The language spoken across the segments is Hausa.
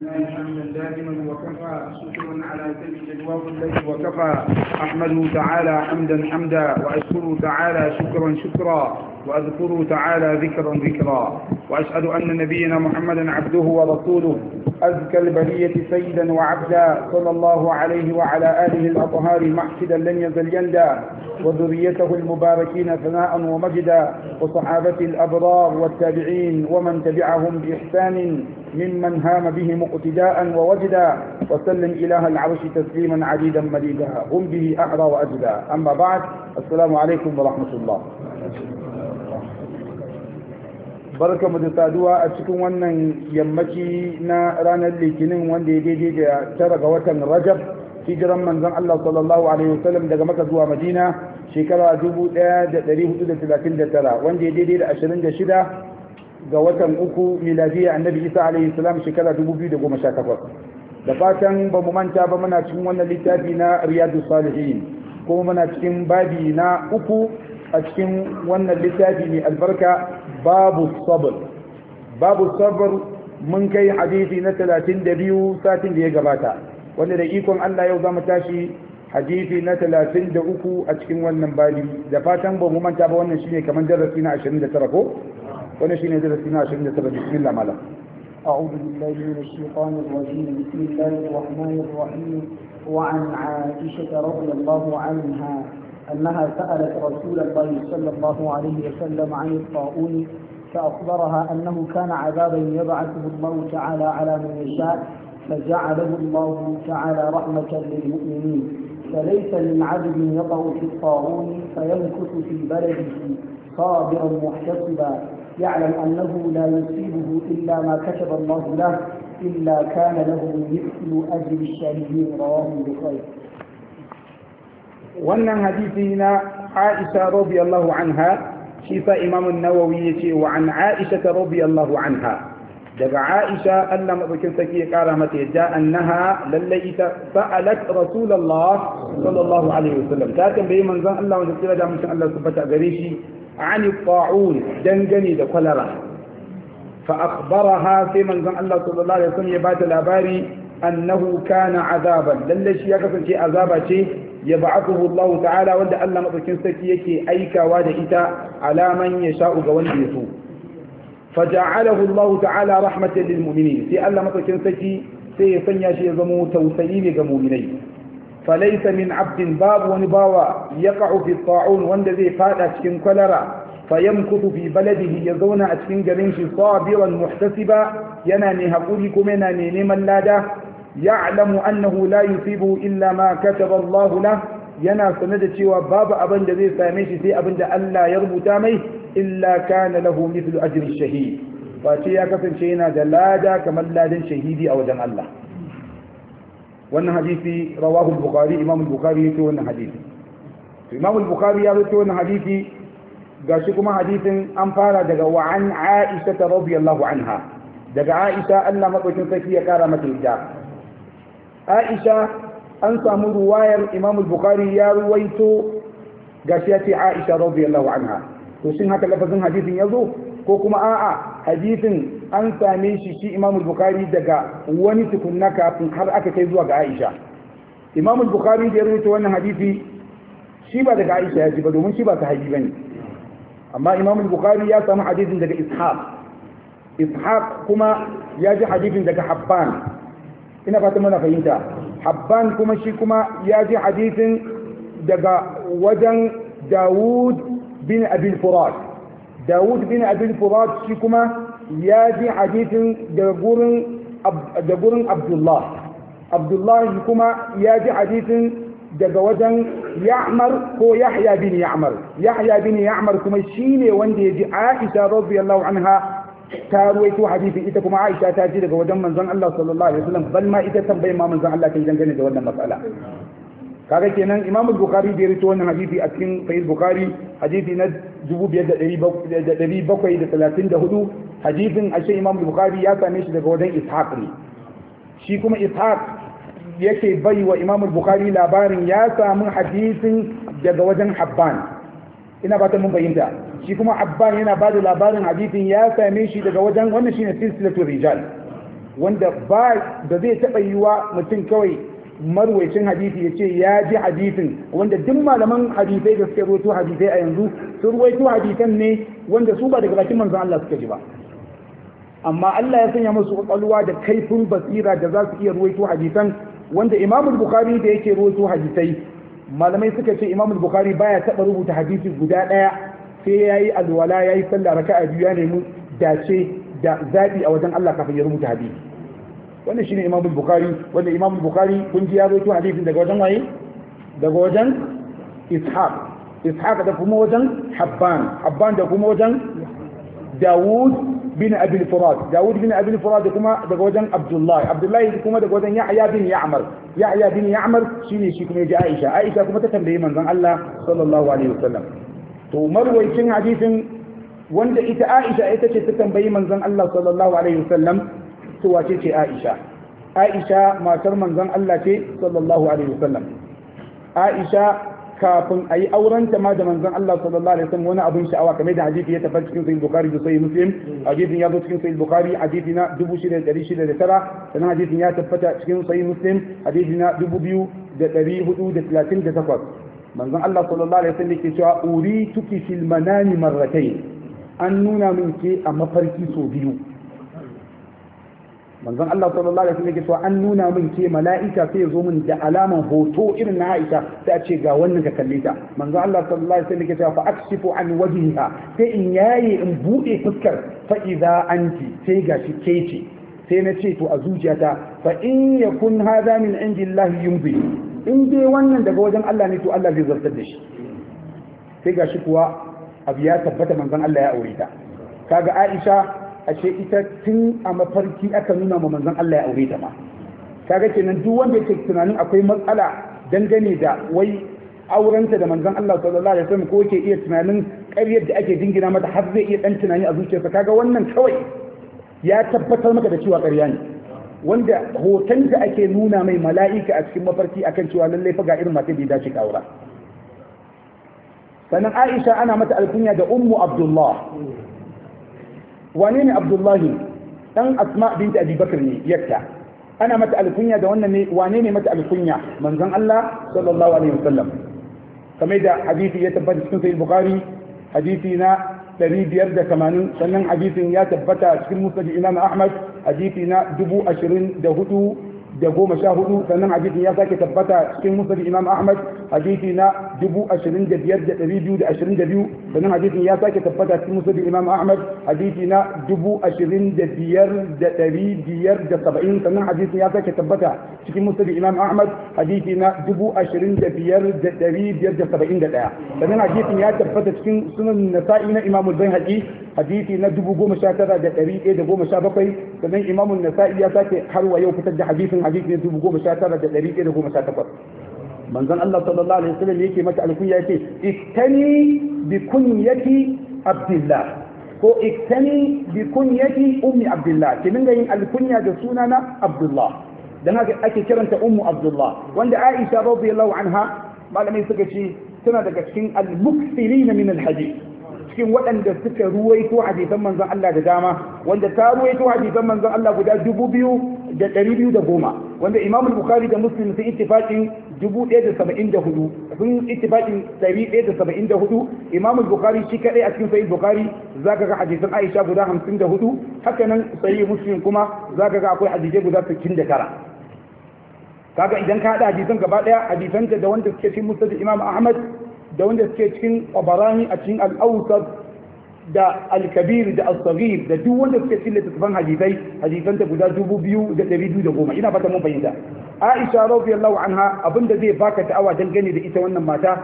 دائما وكفى شكرا على وكفى احمده تعالى حمدا حمدا واشكره تعالى شكرا شكرا واذكره تعالى ذكرا ذكرا واشهد ان نبينا محمدا عبده ورسوله ازكى البريه سيدا وعبدا صلى الله عليه وعلى اله الاطهار محسدا لن يزل يندى وذريته المباركين ثناء ومجدا وصحابته الابرار والتابعين ومن تبعهم باحسان ممن هام بهم اقتداء ووجدا وسلم إله العرش تسليما عديدا مديدا هم به أعرى وأجدا أما بعد السلام عليكم ورحمة الله barka mu da saduwa a cikin wannan yammaci na ranar litinin wanda ya daidai da tara ga watan rajab hijiran manzon Allah sallallahu alaihi wasallam daga maka zuwa madina shekara 1439 wanda ya daidai da 26 ga watan uku miladiyya annabi isa alaihi salam shekara 2018 da fatan ba mu manta ba muna cikin wannan littafi na riyadu salihin kuma muna cikin babi na uku a cikin wannan littafi mai albarka babu sabr babu sabr mun kai hadisi na 32 satin da ya gabata wanda da ikon Allah yau zamu tashi hadisi na 33 a cikin wannan babi da fatan ba mu manta ba wannan shine kamar darasi na 29 ko wani shine darasi na بسم الله malam أعوذ بالله من الشيطان الرجيم بسم الله الرحمن الرحيم وعن عائشة رضي الله عنها أنها سألت رسول الله صلى الله عليه وسلم عن الطاعون فأخبرها أنه كان عذابا يبعثه الله تعالى على من يشاء فجعله الله تعالى رحمة للمؤمنين فليس من عبد يقع في الطاعون فيمكث في بلده صابرا محتسبا يعلم أنه لا يصيبه إلا ما كتب الله له إلا كان له مثل أجر الشاهدين رواه البخاري wannan hadisi na Aisha radiyallahu anha shi sa Imam nawawi yace wa an Aisha radiyallahu anha daga Aisha Allah madaukin saki ya kara mata yadda annaha lalle ita sa'alat Rasulullah sallallahu alaihi wasallam ta tambaye manzon Allah wanda kira da mutum Allah subhanahu gare shi عن الطاعون دنجني دا كولرا فأخبرها في منزل الله صلى الله عليه وسلم يبات الأباري أنه كان عذابا للش يكفل شيء عذابا شيء يبعثه الله تعالى ودى ألا مطلقين سكيك أيكا ودئتا على من يشاء قوان يسوء فجعله الله تعالى رحمة للمؤمنين في ألا مطلقين سكي سيسنيا شيء زمو توسيين كمؤمنين falaisa min abdin babu wani bawa ya ka'u fi ta'un wanda zai fada cikin kwalara fayamkutu fi baladihi ya zauna a cikin garin shi sabiran muhtasiba yana ne hakuri kuma yana ne neman lada ya'lamu annahu la yusibu illa ma kataba Allah yana sanar da cewa babu abin da zai same shi sai abin da Allah ya rubuta mai illa kana lahu mithlu ajri shahid face ya kasance yana da lada kamar ladan shahidi a wajen Allah wannan hadisi rawahu al-bukhari imam al-bukhari yace wannan hadisi to imam al-bukhari ya rawaito wannan hadisi gashi kuma hadisin an fara daga wa an aisha radiyallahu anha daga aisha Allah madaukin sarki ya kara mata hijja aisha an samu ruwayar imam al-bukhari ya ruwaito gashi yace aisha radiyallahu anha to shin haka lafazin hadisin yazo ko kuma a'a hadisin an same shi shi imamul bukari daga wani tukunna kafin har aka kai zuwa ga aisha imamul bukari da ya rubuta wannan hadisi shi ba daga aisha ya ji ba domin shi ba sahabi bane amma imamul bukari ya samu hadisin daga ishaq ishaq kuma ya ji hadisin daga habban ina fatan muna fahimta habban kuma shi kuma ya ji hadisin daga wajen dawud bin abil furat dawud bin abin furat shi kuma ya ji hadisin da gurin abdullah abdullah kuma ya ji hadisin daga wajen ya'mar ko yahya bin ya'mar yahya bin ya'mar kuma ne wanda ya ji aisha radiyallahu anha ta ruwaito hadisi ita kuma Aisha ta ji daga wajen manzon Allah sallallahu alaihi wasallam bal ma ita tambayin ma manzon Allah kai dangane da wannan matsala kaga kenan imamu bukari bai rito wannan hadisi a cikin sahih bukari hadisi na 2734 hadisin ashe imamu bukari ya same shi daga wajen ishaq ne shi kuma ishaq yake bai wa imamu bukari labarin ya samu hadisin daga wajen habban ina ba ta mun fahimta shi kuma habban yana ba da labarin hadisin ya same shi daga wajen wannan shine silsilatul rijal wanda ba da zai taɓa yiwa mutum kawai marwaicin hadisi ya ce ya ji hadisin wanda duk malaman hadisai da suke ruwaito hadisai a yanzu sun ruwaito hadisan ne wanda su ba daga bakin manzon Allah suka ji ba amma Allah ya sanya musu kwakwalwa da kaifin basira da za su iya ruwaito hadisan wanda Imam Bukhari da yake ruwaito hadisai malamai suka ce Imam Bukhari baya taba rubuta hadisi guda daya sai yayi alwala yayi sallah raka'a biyu ya nemi dace da zabi a wajen Allah kafin ya rubuta hadisi wannan shine imam bukhari wanda imam bukhari kun ji ya rawaito hadisin daga wajen waye daga wajen ishaq ishaq da kuma wajen habban habban da kuma wajen dawud bin abi al-furat dawud bin abi al da kuma daga wajen Abdullahi Abdullahi kuma daga wajen yahya bin ya'mar yahya bin ya'mar shine shi kuma ya ji aisha aisha kuma ta tambaye manzon Allah sallallahu alaihi wasallam to marwayin hadisin wanda ita Aisha ita ce ta tambayi manzon Allah sallallahu alaihi wasallam to wace ce Aisha Aisha matar manzon Allah ce sallallahu alaihi wasallam Aisha kafin a yi auren ta ma da manzon Allah sallallahu alaihi wasallam wani abin sha'awa kamar da hadisi ya tabbata cikin sahih bukhari da sahih muslim hadisin ya zo cikin sahih bukhari hadisi na 6609 sannan hadisin ya tabbata cikin sahih muslim hadisi na 2438 manzon Allah sallallahu alaihi wasallam yake cewa uri tuki fil manami marratayn an nuna min ke a mafarki so biyu manzon Allah sallallahu alaihi wasallam ya ce an nuna min ke mala'ika sai ya zo min da alaman hoto irin na Aisha sai a ce ga wannan ka kalle ta manzon Allah sallallahu alaihi wasallam ya ce fa akshifu an wajhiha sai in yaye in bude fuskar fa idza anti sai ga ke ce sai na ce to a zuciyata fa in yakun hadha min indillahi yumbi in dai wannan daga wajen Allah ne to Allah zai zartar da shi sai ga shi kuwa abu ya tabbata manzon Allah ya aure ta kaga Aisha ashe ita tun a mafarki aka nuna ma manzon Allah ya aure ta ma kaga kenan duk wanda yake tunanin akwai matsala dangane da wai aurenta da manzon Allah sallallahu alaihi wasallam ko yake iya tunanin ƙaryar da ake dingina mata har zai iya dan tunani a zuciyarsa kaga wannan kawai ya tabbatar maka da cewa ƙarya ne wanda hoton da ake nuna mai mala'ika a cikin mafarki akan cewa lallai fa ga irin mata da dace ka aura sannan Aisha ana mata alkunya da Ummu Abdullah wane ne abdullahi dan asma binti abi ne yatta ana mata alkunya da wannan ne wane ne mata alkunya manzon Allah sallallahu alaihi wasallam kamar da hadisi ya tabbata cikin sahih bukhari hadisi na 580 sannan hadisin ya tabbata cikin musnad imam ahmad hadisi na 24000 da goma sha hudu sannan hadisin ya sake tabbata cikin musnad imam ahmad hadisi na dubu ashirin da biyar da ɗari biyu da ashirin da biyu sannan hadisin ya sake tabbata cikin musnad imam ahmad hadisi na dubu ashirin da biyar da ɗari biyar da saba'in sannan hadisin ya sake tabbata cikin musnad imam ahmad hadisi na dubu ashirin da biyar da ɗari biyar da saba'in da ɗaya sannan hadisin ya tabbata cikin sunan nasa'i na imam al-bayhaqi hadisi na dubu goma sha tara da ɗari ɗaya da goma sha bakwai sannan imamun nasa'i ya sake har wa yau fitar da hadisin hadisi ne dubu goma sha tara da ɗari ɗaya da goma sha takwas manzon Allah sallallahu alaihi wasallam yake mata alkunya yake iktani bi kunyati abdullah ko iktani bi kunyati ummi abdullah ki ga yin alkunya da sunana abdullah dan haka ake kiranta ummu abdullah wanda Aisha radiyallahu anha malamai suka ce tana daga cikin al-mukthirina min al-hadith cikin waɗanda suka ruwaito hadisan manzon Allah da dama wanda ta ruwaito hadisan manzon Allah guda dubu biyu da ɗari biyu da goma wanda imamul bukari da muslim sun ittifaqin dubu ɗaya da saba'in da hudu sun ittifaqin ɗari ɗaya da saba'in da hudu imamul bukari shi kaɗai a cikin sahih bukhari zaka ga hadisan aisha guda hamsin da hudu haka nan sahih muslim kuma zaka ga akwai hadisai guda sittin da tara kaga idan ka haɗa hadisan gaba ɗaya hadisan da wanda suke cikin da imam ahmad da wanda suke cikin ƙwabarani a cikin al'autar da alkabir da al-saghir da duk wanda suke cikin littattafan hadisai hadisan ta guda dubu biyu da ɗari biyu da goma ina fata mun fahimta aisha radiyallahu anha abinda zai baka ta'awa dangane da ita wannan mata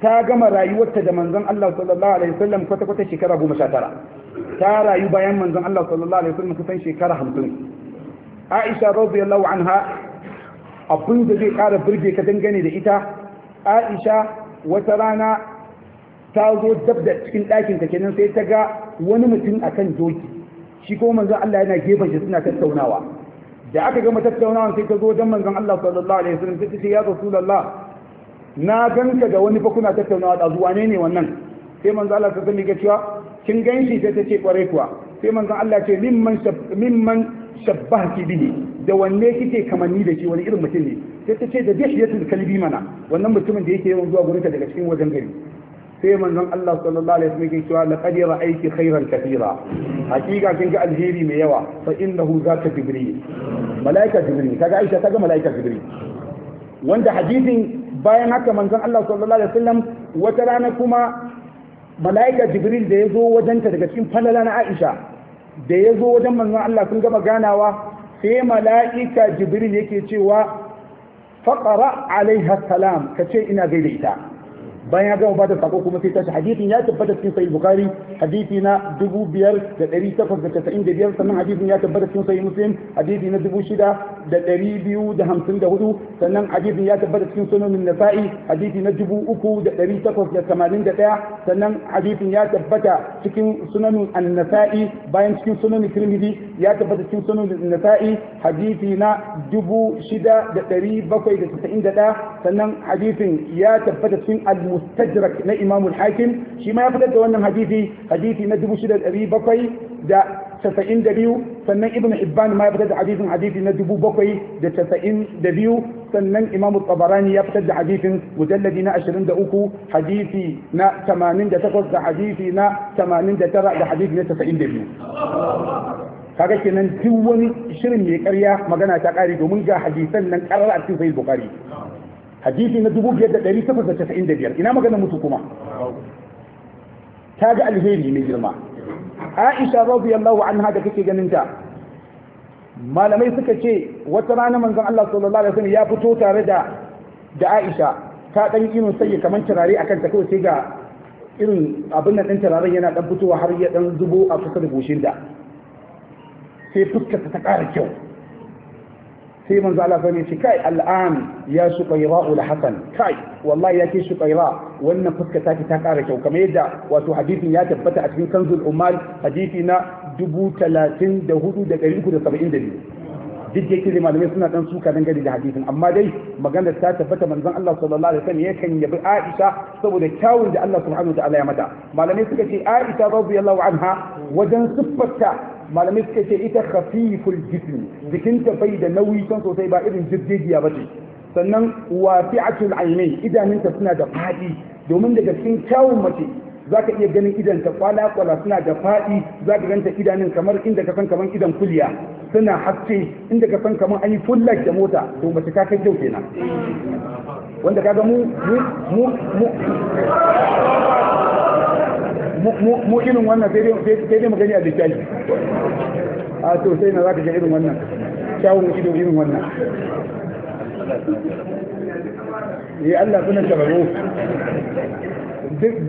ta gama rayuwarta da manzon Allah sallallahu alaihi wasallam kwata kwata shekara goma sha tara ta rayu bayan manzon Allah sallallahu alaihi wasallam kusan shekara hamsin aisha radiyallahu anha abin da zai kara birge ka dangane da ita aisha wata rana ta zo dab da cikin ɗakin ta kenan sai ta ga wani mutum a kan doki shi ko manzon Allah yana gefen shi suna tattaunawa da aka gama tattaunawa sai ta zo dan manzon Allah sallallahu alaihi wasallam sai ta ce ya rasulullah na ganka da wani fa kuna tattaunawa da zuwa ne ne wannan sai manzon Allah sallallahu alaihi wasallam ya ce kin ganshi sai ta ce kware kuwa sai manzon Allah ce mimman mimman shabbahki bihi da wanne kike kamanni da shi wani irin mutum ne sai ta ce da da kalbi mana wannan mutumin da yake yawan zuwa gurinka daga cikin wajen gari sai manzon Allah sallallahu alaihi wasallam yake cewa laqad ra'ayti khairan kathira hakika kin ga alheri mai yawa fa innahu zaka jibril malaika jibril kaga Aisha kaga malaika jibril wanda hadisin bayan haka manzon Allah sallallahu alaihi wasallam wata rana kuma malaika jibril da yazo wajenta daga cikin falala na Aisha da yazo wajen manzon Allah kun gama ganawa sai malaika jibril yake cewa فقرأ عليها السلام كشيء إنا ذي ليتا bayan ya gama bada sako kuma sai tashi hadisin ya tabbata cikin sahih bukhari hadisi na 5895 sannan hadisin ya tabbata cikin sahih muslim hadisi na 6254 sannan hadisin ya tabbata cikin sunan nasa'i hadisi na 3881 sannan hadisin ya tabbata cikin sunan an-nasa'i bayan cikin sunan tirmidhi ya tabbata cikin sunan an-nasa'i hadisi na 6791 sannan hadisin ya tabbata cikin al al na Imam hakim shima ya fitar da wannan hadisi hadisi na 6792 sannan Ibn Hibban ma ya fitar da hadisin hadisi na 792 sannan Imam al-Tabarani ya fitar da hadisin mujalladi na 23 hadisi na 88 da hadisi na 89 da hadisi na 92 kaga kenan duk wani shirin mai karya magana ta kare domin ga hadisan nan karar a cikin sahih bukhari hadisi na dubu biyar da da da biyar, ina magana mutu kuma ta ga alheri mai girma aisha yallahu anha da kake ganin ta malamai suka ce wata rana manzon Allah sallallahu alaihi wasallam ya fito tare da da aisha ta ɗan irin sai kamar turare akan ta kawai sai ga irin abin nan ɗan turaren yana ɗan fitowa har ya ɗan zubo a kusa da goshin da sai fuskarta ta ƙara kyau sai manzo Allah sai ce kai al'an ya suqaira da hasan kai wallahi yake wannan fuska ta ta ƙara kyau kamar yadda wato hadisin ya tabbata a cikin kanzul ummal hadisi na 34372 duk da yake da malamai suna dan suka dangane da hadisin amma dai maganar ta tabbata manzon Allah sallallahu alaihi wasallam yakan yabi Aisha saboda kyawun da Allah subhanahu wataala ya mata malamai suka ce Aisha radiyallahu anha wajen siffarta malamai suka ce ita khafiful jismi jikinta bai da nauyi can sosai ba irin jirgijiya ba ce sannan wasi'atul aini idaninta suna da fadi domin daga cikin kyawun mace zaka iya ganin ta kwala kwala suna da fadi zaka ganta idanin kamar inda ka san kamar idan kulya suna haske inda ka san kamar an yi fullak da mota to mace ta kai kyau kenan wanda kaga mu mu mu mu irin wannan sai dai magani a littafi a to sai na za ka ga irin wannan kyawun ido irin wannan eh, ya Allah suna shararo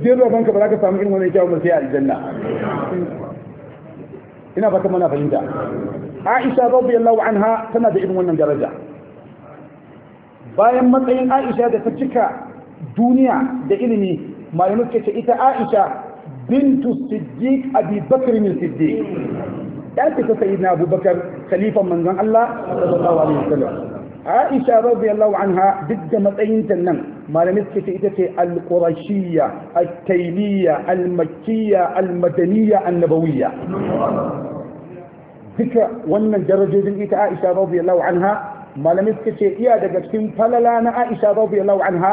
jin robanka ba za ka samu irin wannan kyawun sai a aljanna ina fata mana fahimta Aisha an anha tana da irin wannan daraja bayan matsayin Aisha da ta cika duniya da ilimi malamai ke ce ita Aisha بنت الصديق أبي بكر الصديق يأتي سيدنا أبو بكر خليفة من زن الله صلى الله عليه وسلم عائشة رضي الله عنها ضد متأين تنم ما لم يسكت القرشية التيمية المكية المدنية النبوية ذكر wannan darajojin ita عائشة رضي الله عنها suka ce iya daga فلا لا عائشة رضي الله عنها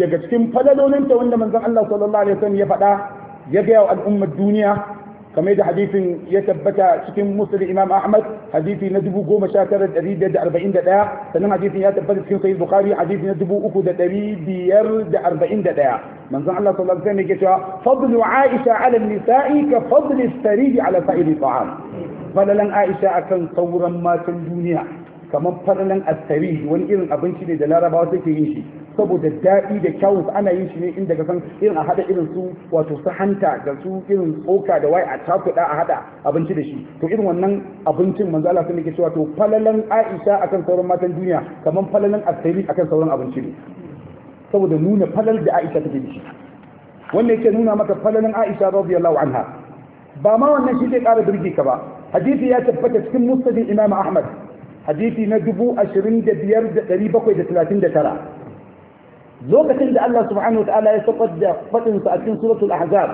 daga cikin falalolinta wanda manzon Allah sallallahu alaihi wasallam ya faɗa ya ga al'ummar duniya kamar da hadisin ya tabbata cikin muslim imam ahmad hadisi na 19941 sannan hadisin ya tabbata cikin sahih bukhari hadisi na 3541 manzon Allah sallallahu alaihi wasallam yake cewa fadlu aisha ala nisa'i ka fadli as-sariri ala sa'iri ta'am falalan aisha akan sauran matan duniya kamar falalan as-sariri wani irin abinci ne da larabawa suke yin shi saboda daɗi da kyawun ana yin shi ne inda ga san irin a hada irin su wato su hanta da su irin tsoka da wai a takuda a hada abinci da shi to irin wannan abincin manzo Allah sun yake cewa to falalan Aisha akan sauran matan duniya kaman falalan Asiri akan sauran abinci ne saboda nuna falal da Aisha take da shi wannan yake nuna maka falalan Aisha radiyallahu anha ba ma wannan shi zai ƙara birge ka ba hadisi ya tabbata cikin musnadin Imam Ahmad hadisi na dubu ashirin da biyar da bakwai da da tara لوكتين دي الله سبحانه وتعالى يتقدر فتن سأتين سورة الأحزاب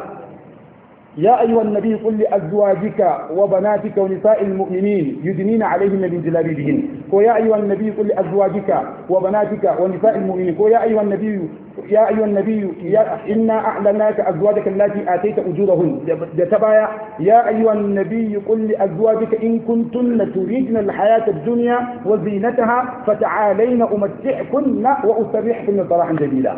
يا أيها النبي قل لأزواجك وبناتك ونساء المؤمنين يدنين عليهم من جلالي بهم ويا أيها النبي قل لأزواجك وبناتك ونساء المؤمنين ويا أيها النبي يا أيها النبي يا إنا أعلناك أزواجك التي آتيت أجورهن يا أيها النبي قل لأزواجك إن كنتن تريدن الحياة الدنيا وزينتها فتعالين أمتعكن وأسرحكن صراحا جميلا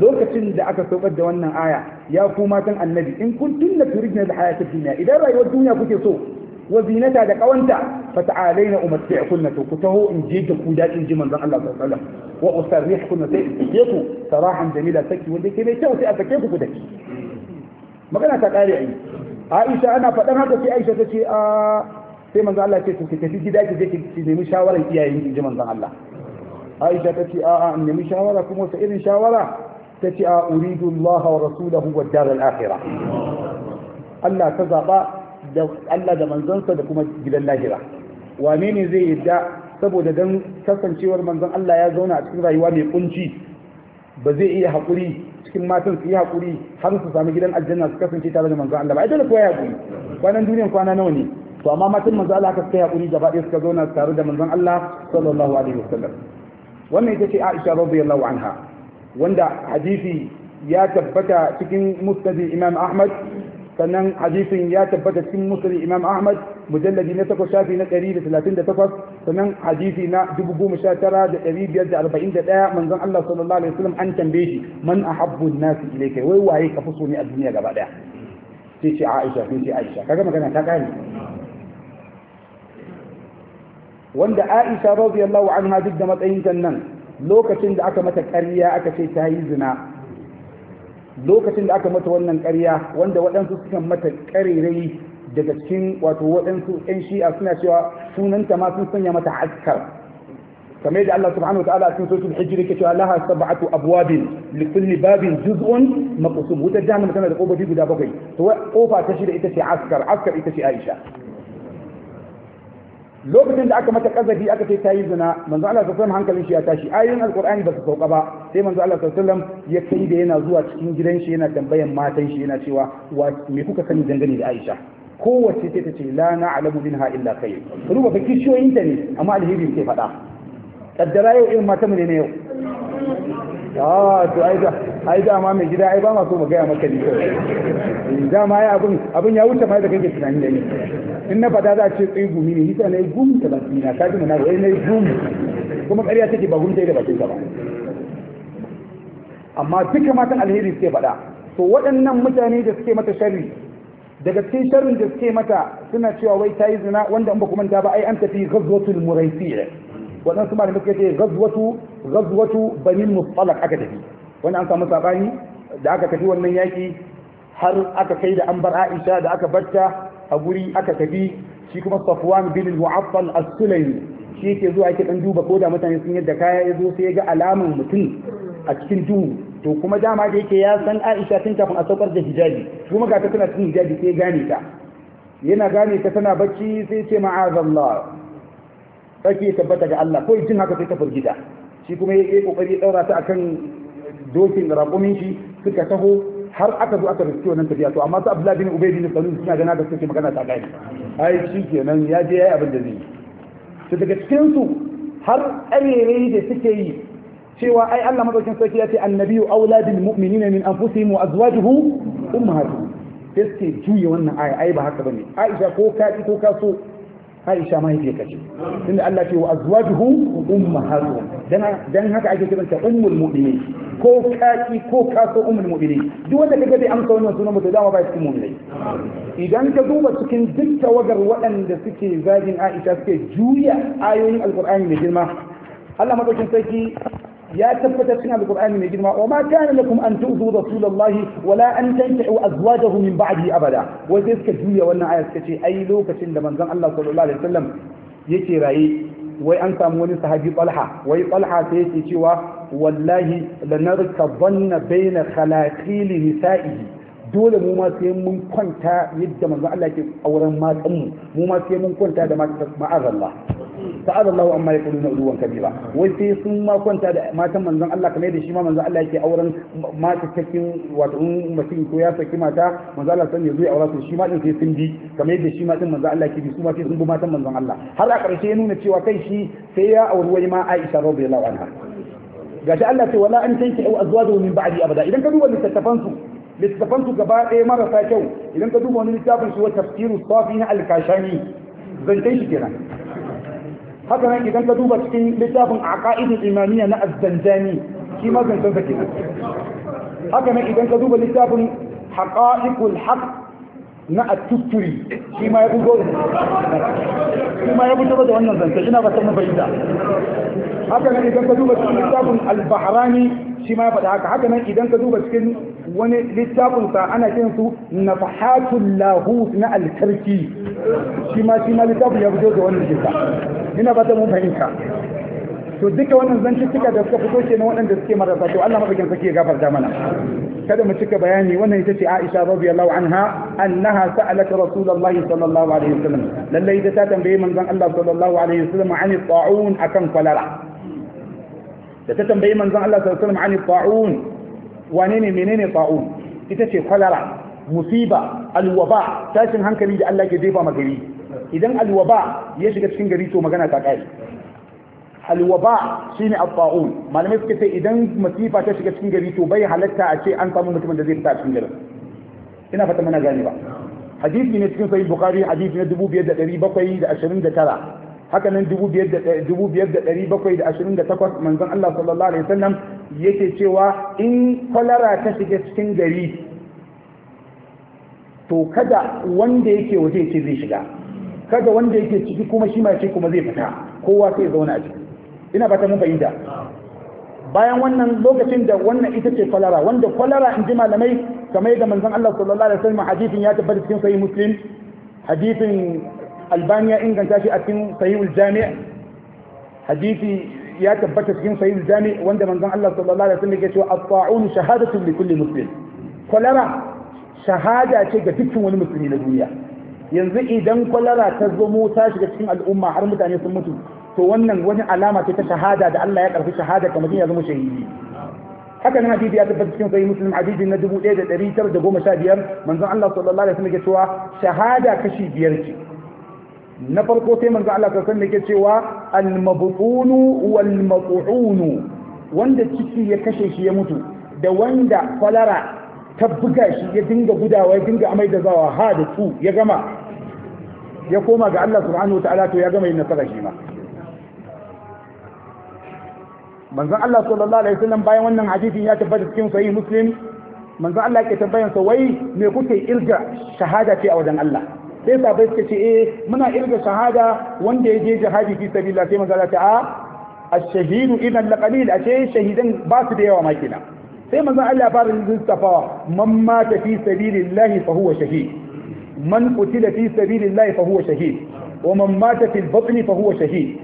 lokacin تند أكثر سوف da آية يا ya النبي إن كنتن تريدن الحياة الدنيا إذا رأي والدنيا كنت duniya wa zinata da kawanta fa ta'alaina umatti'kunna to ku taho in je da ku dadin ji manzon Allah sallallahu alaihi wasallam wa usarrihkunna sai ke ku sarahan jamila saki wanda ke mai kyau sai a sake ku ku daki magana ta kare yi. Aisha ana faɗan haka sai Aisha ta ce a sai manzon Allah ce ki tafi gida ki je ki nemi shawaran iyayen ji manzon Allah Aisha ta ce a a nemi shawara kuma wata irin shawara ta ce a uridu Allah wa rasulahu wa dar al-akhirah Allah ta zaba da Allah da manzonsa da kuma gidan lahira wa ne zai yadda saboda don kasancewar manzon Allah ya zauna a cikin rayuwa mai kunci ba zai iya haƙuri cikin matan su yi haƙuri har su sami gidan aljanna su kasance tare da manzon Allah ba ai dole kowa ya haƙuri kwanan duniyan kwana nawa ne to amma matan manzo Allah aka kai haƙuri gaba ɗaya suka zauna tare da manzon Allah sallallahu alaihi wasallam wannan ita ce Aisha radiyallahu anha wanda hadisi ya tabbata cikin musnad Imam Ahmad sannan hadisin ya tabbata cikin musulun imam ahmad mujallabi na takwas shafi na 138 sannan hadisi na 19541 manzon Allah sallallahu alaihi wasallam an tambaye shi man ahabbu an-nas ilayka wai waye ka fi so ne a duniya gaba daya sai ce Aisha sai ce Aisha kaga magana ta kare wanda Aisha radiyallahu anha duk da matsayin nan lokacin da aka mata ƙarya aka ce ta yi zina lokacin da aka mata wannan ƙarya wanda waɗansu suka mata ƙarirai daga cikin wato waɗansu 'yan shi'a suna cewa sunanta ma sun sanya mata askar kamar yadda Allah subhanahu wa ta'ala cikin suratul hijr yake cewa laha sab'atu abwabin li kulli babin juz'un maqsum wuta jahannam tana da kofofi guda bakwai to kofa ta shida ita ce askar askar ita ce Aisha lokacin da aka mata kazafi aka ce ta yi zina manzo Allah sallallahu hankalin shi ya tashi ayoyin alqur'ani ba su sauka ba sai manzo Allah sallallahu ya kai da yana zuwa cikin gidan shi yana tambayan matan shi yana cewa me kuka sani dangane da Aisha kowace ce ta ce la na'lamu minha illa khair ruba fa kishiyoyin ta ne amma alheri ke faɗa kaddara yau irin matan mu ne yau a ah, to ai da ai ma mai gida ai ba ma so gaya maka ni da ma ya abun abin ya wuce fa da kake tunani da ni in na fada za a ce tsayi gumi ne hita yi gum ta baki na kaji mun na wai ne gum kuma ƙarya take ba gum ta yi da bakin ka ba amma duka matan alheri suke faɗa to waɗannan mutane da suke mata sharri daga cikin sharrin da suke mata suna cewa wai ta yi zina wanda an ba kuma ta ba ai an tafi ghazwatul muraisiyya waɗansu ma da muka ce gazwatu gazwatu bani mustalak aka tafi wannan an samu sabani da aka tafi wannan yaƙi har aka kai da an bar Aisha da aka barta a guri aka tafi shi kuma Safwan bin Mu'affal as-Sulaimi shi yake zuwa yake dan duba ko da mutane sun yadda kaya ya zo sai ya ga alaman mutum a cikin duhu to kuma dama da yake ya san Aisha tun kafin a saukar da hijabi kuma ga ta tana cikin hijabi sai gane ta yana gane ta tana bacci sai ce ma'azallah sarki ya tabbata ga Allah ko jin haka sai ta firgita shi kuma ya yi kokari ya daura ta akan dokin raƙumin shi suka taho har aka zo aka riske wannan tafiya to amma su Abdullahi bin Ubay bin Salul suna gana da suke magana ta gani ai shi kenan ya je yayi abin da zai yi to daga cikin su har ƙarerai da suke yi cewa ai Allah madaukin sarki ya ce annabiyu aula bil mu'minina min anfusihim wa azwajuhu ummahatuhum sai suke juya wannan aya ai ba haka bane Aisha ko ka ko ka so Aisha mahaifiyarka ce tunda Allah ce wa azwajuhu ummahatu dan haka ake kiranta ummul mu'minin ko kaki ko kaso ummul mu'minin duk wanda kaga dai amsa wannan sunan mutum dama ba cikin mu'minai idan ka duba cikin duk tawagar waɗanda suke zagin Aisha suke juya ayoyin alqur'ani da girma Allah madaukin sarki ya tabbatar cikin alqur'ani mai girma wa ma kana lakum an tu'zu rasulullahi wala an tankihu azwajahu min ba'di abada wai sai suka juya wannan aya suka ce ai lokacin da manzon Allah sallallahu alaihi wasallam yake raye wai an samu wani sahabi Talha wai Talha sai yake cewa wallahi lanarkabanna baina khalaqil nisa'ihi dole mu ma sai mun kwanta yadda manzon Allah ke auren matan mu mu ma sai mun kwanta da matan ma'azallah ta'ala Allahu amma na uluwan kabira wai sai sun ma kwanta da matan manzon Allah kamar da shi ma manzon Allah yake auren mata cikin wato in mutum ko ya saki mata manzon Allah san ya zo ya aura to shi ma din sai sun bi kamar da shi ma din manzon Allah yake bi su ma sai sun bi matan manzon Allah har a ƙarshe ya nuna cewa kai shi sai ya auri wani ma Aisha radiyallahu anha gashi Allah ce wala an tanki au azwajuhu min ba'di abada idan ka duba littattafansu littattafansu gaba ɗaya marasa kyau idan ka duba wani littafin shi wa tafsirus safi na al-kashani zan kai shi kenan haka nan idan ka duba cikin littafin aqaidul imaniya na az-zanjani shi ma zancan sa kenan haka nan idan ka duba littafin haqa'iqul haqq na a tutturi shi ma ya bugo shi ma ya bugo da wannan zance ina ba san bayyana haka nan idan ka duba cikin littafin albaharani bahrani shi ma ya faɗa haka haka nan idan ka duba cikin wani littafinsa ana kin su nafahatul lahut na alkarki shi ma shi ma littafin ya fito da wannan jika ina ba ta mun fahimta to duka wannan zan cika da suka fito kenan waɗanda suke marasa to Allah mabakin sake gafarta mana kada mu cika bayani wannan ita ce Aisha radiyallahu anha annaha sa'alat Rasulullahi sallallahu alaihi wasallam lalle ita ta tambaye manzon Allah sallallahu alaihi wasallam an ta'un akan kwalara da ta tambaye manzon Allah sallallahu alaihi wasallam an ta'un wane ne menene ta'un ita ce kwalara musiba alwaba tashin hankali da Allah ke jefa magari idan alwaba ya shiga cikin gari to magana ta kai alwaba shine at malamai suka ce idan musiba ta shiga cikin gari to bai halatta a ce an samu mutumin da zai fita cikin gari ina fata mana gani ba hadisi ne cikin sahih bukhari hadisi na 2729 haka nan 5728 manzon Allah sallallahu alaihi wasallam yake cewa in kwalara ta shiga cikin gari to kada wanda yake waje ce zai shiga kada wanda yake ciki kuma shi ma ce kuma zai fita kowa sai zauna a ciki ina ta mun fahimta bayan wannan lokacin da wannan ita ce kwalara wanda kwalara in ji malamai kamar yadda manzon Allah sallallahu alaihi wasallam hadisin ya tabbata cikin sahih muslim hadisin albani ya inganta shi a cikin sahihul jami' hadisi ya tabbata cikin sahihul jami' wanda manzon Allah sallallahu alaihi wasallam ya ce at-ta'un shahadatu li kulli muslim kwalara shahada ce ga dukkan wani musulmi na duniya yanzu idan kwalara ta zamo ta shiga cikin al'umma har mutane sun mutu to wannan wani alama ce ta shahada da Allah ya karfi shahada kamar ya zama shahidi haka nan hadisi ya tabbata cikin sahih muslim hadisi na 1915 manzon Allah sallallahu alaihi wasallam ya cewa shahada kashi biyar ce na farko sai manzo Allah sallallahu alaihi ke cewa al mabqunu wal mat'unu wanda ciki ya kashe shi ya mutu da wanda kwalara ta buga shi ya dinga gudawa ya dinga amai da zawa ha da tu ya gama ya koma ga Allah subhanahu wataala to ya gama yin nasara shi ma Allah sallallahu alaihi wasallam bayan wannan hadisin ya tabbata cikin sahih muslim manzon Allah ke tambayan sa wai me kuke irga shahada ce a wajen Allah sai sabai suka ce eh muna irga shahada wanda ya je jihadi fi sabila sai maza ta a ash-shahidu idan laqalil a ce shahidan ba su da yawa ma kenan sai manzo Allah fara lissafawa man mata fi sabilillah fa huwa shahid man qutila fi sabilillah fa huwa shahid wa man mata fil batni fa huwa shahid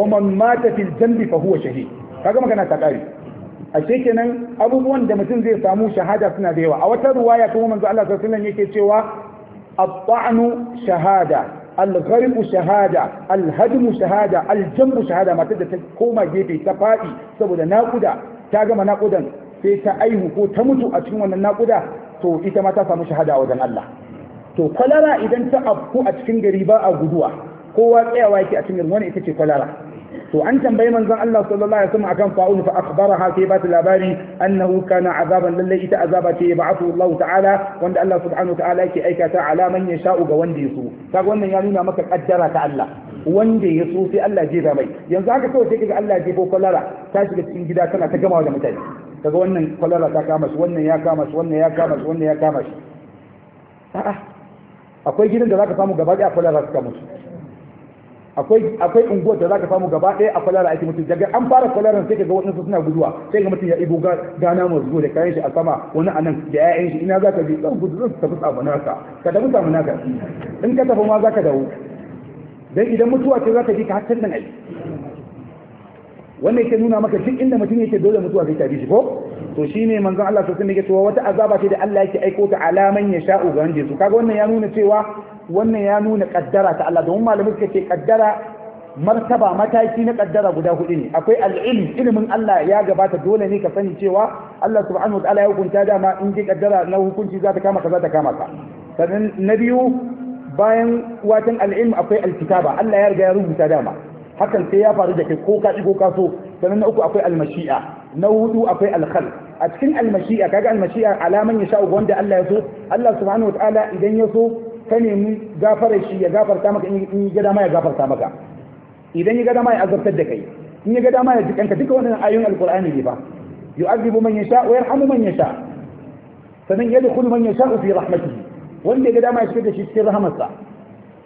wa man mata fil janbi fa huwa shahid kaga magana ta kare ashe kenan abubuwan da mutum zai samu shahada suna da yawa a wata ruwaya kuma manzo Allah sallallahu alaihi wasallam yake cewa الطعن شهادة الغرق شهادة الهدم شهادة da شهادة ما تدى ta جيبي تفائي سبدا ta gama naƙudan sai ta aihu ko ta mutu a cikin wannan naƙuda to ita ma ta samu shahada a wajen Allah to kwalara idan ta afku a cikin gari ba a guduwa kowa tsayawa ke a cikin gari wani ita ce kwalara to an tambayi manzon Allah sallallahu alaihi wasallam akan fa'un fa akhbaraha sai ba labari annahu kana azaban lalle ita azaba ce ba'athu Allah ta'ala wanda Allah subhanahu wa ta'ala yake aikata ala man yasha'u ga wanda ya so kaga wannan ya nuna maka kaddara ta Allah wanda ya so sai Allah je mai yanzu haka kawai sai kaga Allah je ko kwalara ta shiga cikin gida kana ta gama da mutane kaga wannan kwalara ta kama shi wannan ya kama shi wannan ya kama shi wannan ya kama shi a'a akwai gidan da zaka samu gaba daya kwalara suka mutu akwai akwai unguwar da zaka samu gaba ɗaya a kwalara ake mutum daga an fara kwalaran sai kaga wasu suna guduwa sai ga mutum ya ibo gana mu zuwa da kayan shi a sama wani anan da ƴaƴan shi ina zaka bi zan gudu zan tafi samu naka ka tafi samu naka in ka tafi ma zaka dawo dan idan mutuwa ce zaka ji ka hatta nan ai wannan yake nuna maka duk inda mutum yake dole mutuwa zai tabi shi ko to shine manzon Allah sallallahu alaihi wasallam yake cewa wata azaba ce da Allah yake aiko ta alaman ya sha'u ga wanda su kaga wannan ya nuna cewa wannan ya nuna kaddara ta Allah domin malamai suka ce kaddara martaba mataki na kaddara guda hudu ne akwai al'ilm ilimin Allah ya gabata dole ne ka sani cewa Allah subhanahu wataala ya hukunta dama in ji kaddara na hukunci za ta kama ka za ta kama ka sannan na biyu bayan watan al'ilm akwai alkitaba Allah ya riga ya rubuta dama hakan sai ya faru da kai ko ka ko ka so sannan na uku akwai almashi'a na hudu akwai alkhal a cikin almashi'a kaga almashi'a alaman ya sha wanda Allah ya so Allah subhanahu wataala idan ya so ka nemi gafarar shi ya gafarta maka in ya dama ya gafarta maka idan ya ga dama ya azabtar da kai in ya ga dama ya jikanka duka wannan ayoyin alqur'ani ne fa yu'adhibu man yasha wa yarhamu man yasha sannan yadkhulu man yasha fi rahmatihi wanda ya ga ya shiga da shi cikin rahamarsa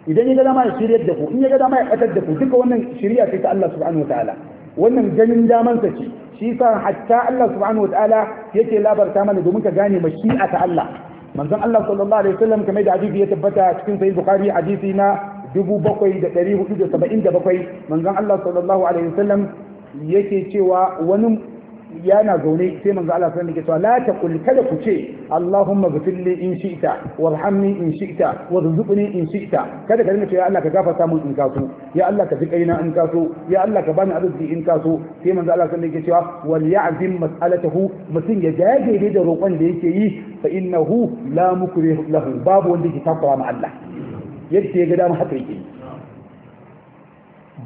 idan ya ga dama ya shiryar da ku in yi gada ma ya batar da ku duka wannan shiriya ce ta Allah subhanahu wataala wannan ganin damansa ce shi sa hatta Allah subhanahu wataala yake labarta mana domin ka gane mashi'a ta Allah manzon Allah sallallahu alaihi wasallam kamar da hadisi ya tabbata cikin sahih bukhari hadisi na 7477 manzon Allah sallallahu alaihi wasallam yake cewa wani yana zaune sai manzo Allah sallallahu alaihi wasallam la taqul kada ku ce Allahumma ghfirli in shi'ta warhamni in shi'ta warzuqni in shi'ta kada ka dinga cewa Allah ka gafarta mun in kaso ya Allah ka fika ina in kaso ya Allah ka bani arziki in kaso sai manzo Allah sallallahu alaihi wasallam cewa wal ya'zim mas'alatahu mutum ya jage da roƙon da yake yi fa innahu la mukrih lahu babu wanda ke takwa ma Allah yadda ya ga dama haka yake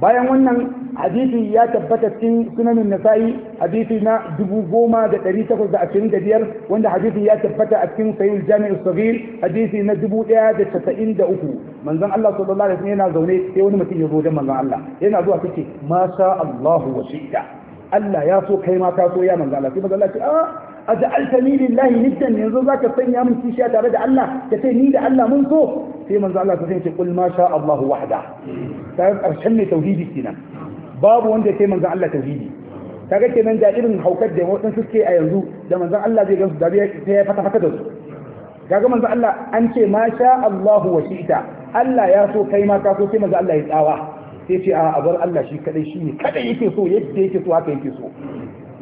bayan wannan hadisi ya tabbata cikin sunanin nasa'i hadisi na da biyar wanda hadisi ya tabbata a cikin sayin jami'ul saghir hadisi na da uku manzon Allah sallallahu alaihi wasallam yana zaune sai wani mutum ya zo da manzon Allah yana zuwa kace ma sha Allahu wa Allah ya so kai ma ka so ya manzon Allah sai manzon Allah ce a ah, aj'altani lillahi niddan yanzu zaka sanya min kishiya tare da Allah ka ce ni da Allah mun so sai manzo Allah ta ce kul ma sha Allah wahda kaga karshen ne tauhidi kenan babu wanda ya kai manzo Allah tauhidi kaga kenan da irin haukar da wadansu suke a yanzu da manzo Allah zai gansu da ya fata fata da su kaga manzo Allah an ce ma sha Allahu wa shi'ta Allah ya so kai ma ka so sai manzo Allah ya tsawa sai ce a bar Allah shi kadai shi ne kadai yake so yadda yake so haka yake so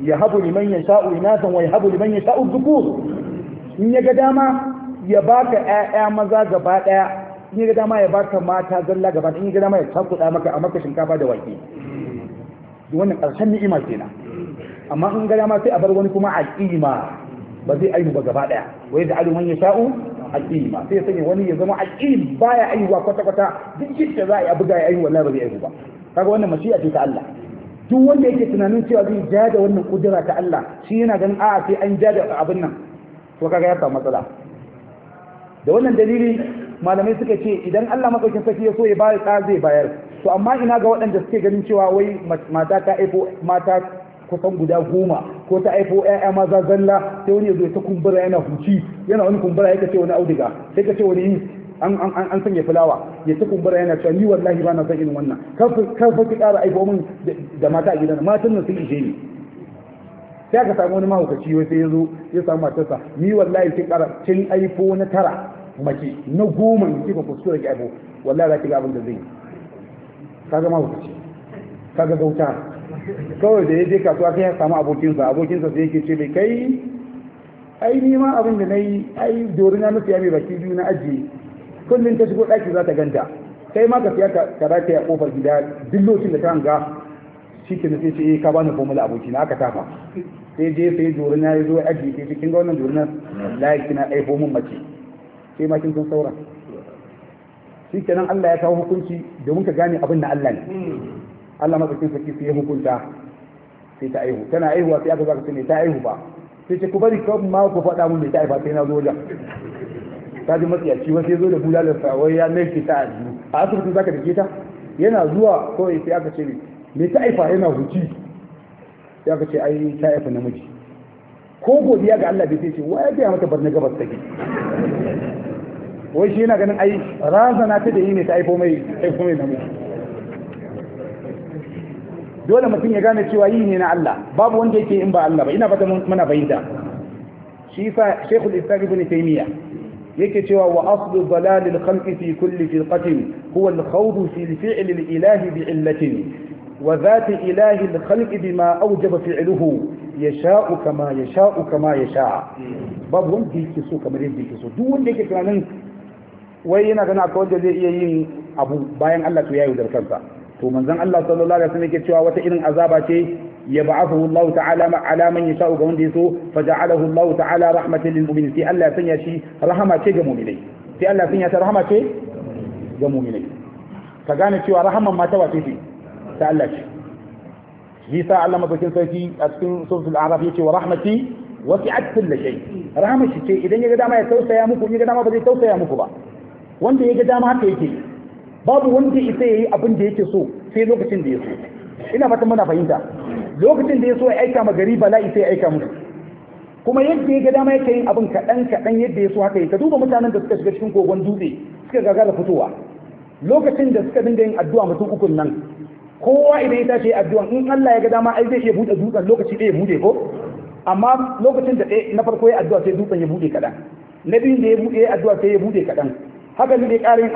Ya yahabu liman yasha'u inasan wa ya yahabu liman yasha'u dhukur in ya ga dama ya baka ƴaƴa maza gaba ɗaya, in ya ga dama ya baka mata zalla gaba daya in ya ga dama ya takuda maka a maka shinkafa da wake wannan ƙarshen ni'ima kenan amma in ga dama sai a bar wani kuma al'ima ba zai aihu ba gaba daya wai da alwan ya sha'u al'ima sai ya sanya wani ya zama al'im baya aihuwa kwata kwata duk da za a yi abu ga ya aihu wallahi ba zai aihu ba kaga wannan mashi'a ce ta Allah duk wanda yake tunanin cewa zai ja da wannan kudura ta Allah shi yana ganin a'a sai an ja da abin nan to kaga ya samu matsala da wannan dalili malamai suka ce idan Allah madaukakin sarki ya so ya bayar ta zai bayar to amma ina ga waɗanda suke ganin cewa wai mata ta aifo mata kusan guda goma ko ta aifo ƴaƴa maza zalla sai wani ya zo ta kumbura yana huci yana wani kumbura ya ce wani auduga sai ka ce wani an sanya fulawa ya ta kumbura yana cewa ni wallahi ba na san irin wannan kar fa ki ƙara aiko min da mata a gidan matan nan sun ishe ni sai aka samu wani mahaukaci wai sai ya zo ya samu matarsa ni wallahi ki ƙara cin aiko na tara mace na goma in kika kuskura ki aiko wallahi za ki ga abin da zai kaga mahaukaci kaga gauta kawai da ya je kasuwa sai ya samu abokinsa abokinsa sai yake ce mai kai ai ma abin da na yi ai dorina na nufi ya mai baki biyu na ajiye kullum ta shigo ɗaki za ta ganta kai ma ka fiya ka rataya kofar gida duk lokacin da ta hanga shi ke sai eh, ka bani formula aboki na aka tafa sai je sai na ya zo aji sai cikin ga wannan na layi kina ɗaifo min mace sai ma kin san saura shi nan Allah ya kawo hukunci domin ka gane abin da Allah ne Allah madaukakin saki sai ya hukunta sai ta aihu tana aihuwa sai aka zaka sai ta aihu ba sai ce ku bari kan ma ku faɗa mun me ta aihu sai na zo wajen ta ji matsiyaci ciwa sai zo da bulalar wai ya narke ta a jini a asibitin zaka dake ta yana zuwa kawai sai aka ce me ta aifa yana huci sai aka ce ai ta aifa namiji ko godiya ga Allah bai ce wa ya ga mata barna gabas take wai shi yana ganin ai razana ta da yi ne ta aifo mai aifo mai namiji dole mutum ya gane cewa yi ne na Allah babu wanda yake in ba Allah ba ina fata muna bayyana shi fa Sheikhul Islam Ibn Taymiyyah yake cewa wa aslu dalalil khalqi fi kulli firqatin huwa al-khawdu fi al-fi'l al-ilahi bi illatin wa dhati ilahi al-khalqi bima awjaba fi'luhu yasha kama yasha kama yasha babu wanda yake so kamar yadda yake so duk wanda yake tunanin wai yana gana akwai wanda zai iya yin abu bayan Allah to yi da kansa to manzon Allah sallallahu alaihi wasallam yake cewa wata irin azaba ce يبعثه الله تعالى على من يشاء قوم ديسو فجعله الله تعالى رحمة للمؤمنين في ألا سنيا شي رحمة شي قموا إليه في ألا سنيا شي رحمة شي قموا إليه فقالت شوى رحمة ما تواتي في تألا شي يسا على ما تكن سيكي أتكن سورة الأعراف يشي ورحمتي وسعت كل شيء رحمة شي إذن يقدام يتوسى يا مكو يقدام بدي توسى يا مكو با wanda ya ga dama haka yake babu wanda isa yayi abin da yake so sai lokacin da ya so ina fatan muna fahimta lokacin da ya so ya aika ma gari bala'i sai ya aika musu kuma yadda ya ga dama yake yin abin kaɗan kaɗan yadda ya so haka yi ka duba mutanen da suka shiga cikin kogon dutse suka gagara fitowa lokacin da suka dinga yin addu'a mutum uku nan kowa idan ya tashi addu'a in Allah ya ga dama ai zai iya buɗe dutsen lokaci ɗaya ya buɗe ko amma lokacin da na farko ya addu'a sai dutsen ya buɗe kaɗan na biyu da ya buɗe addu'a sai ya buɗe kaɗan haka ne da ƙarin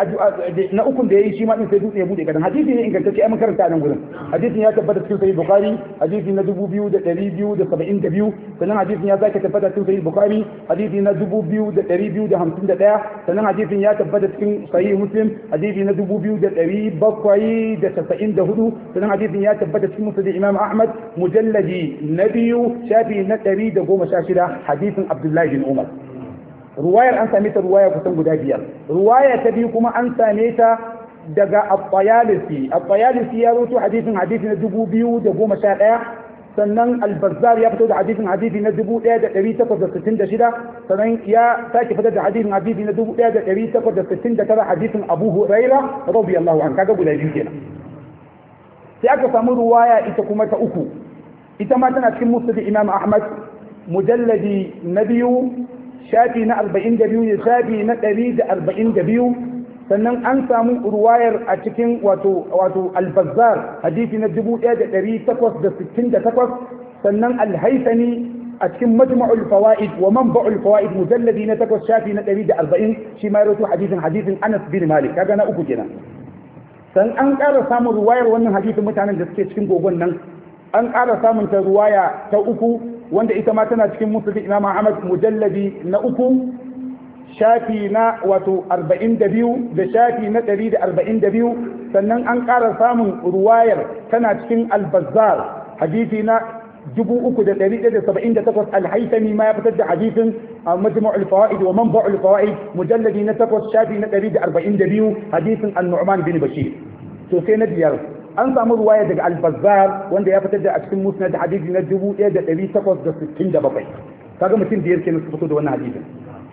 na ukun da ya yi shi ma ɗin sai dutse ya bude kadan hadisi ne ingantacce ya makaranta nan gurin hadisin ya tabbata cikin sahih bukhari hadisi na dubu biyu da ɗari biyu da saba'in da biyu sannan hadisin ya sake tabbata cikin sahih bukhari hadisi na dubu biyu da ɗari biyu da hamsin da ɗaya sannan hadisin ya tabbata cikin sahih muslim hadisi na dubu biyu da ɗari bakwai da saba'in da hudu sannan hadisin ya tabbata cikin musulun imam ahmad mujalladi na biyu shafi na ɗari da goma sha shida hadisin abdullahi bin umar ruwayar an same ta ruwaya kusan guda biyar ruwaya ta biyu kuma an same ta daga al-Tayalisi al-Tayalisi ya rawaito hadisin hadisi na dubu biyu da goma 2011 sannan al-Bazzar ya fito da hadisin hadisi na dubu ɗaya da da da ɗari takwas sittin shida sannan ya sake fitar da hadisin hadisi na dubu ɗaya da da da ɗari takwas sittin 1869 hadisin Abu Huraira yallahu an kaga guda biyu kenan sai aka samu ruwaya ita kuma ta uku ita ma tana cikin musnad Imam Ahmad mujalladi na biyu shafi na 42 da shafi na 142 sannan an samu ruwayar a cikin wato wato al-bazzar hadisi na 1868 sannan alhaisani a cikin majma'ul fawaid wa manba'ul fawaid mujalladi na takwas shafi na 140 shi ma rawaito hadisin hadisin Anas bin Malik kaga na uku kenan san an ƙara samun ruwayar wannan hadisin mutanen da suke cikin gogon nan an ƙara samun ta ruwaya ta uku wanda ita ma tana cikin musulun imam ahmad mujalladi na uku shafi na wato 42 da shafi na 142 sannan an ƙara samun ruwayar tana cikin albazar hadithi na 3178 alhaitami ma ya fitar da hadisin a majma'ul fawaid wa manba'ul fawaid mujalladi na takwas shafi na 142 hadisin al numan bin bashir to sai na biyar an samu ruwaya daga al-bazzar wanda ya fitar da a cikin musnad hadisi na 1867 kaga mutum da yake nasu fito da wannan hadisin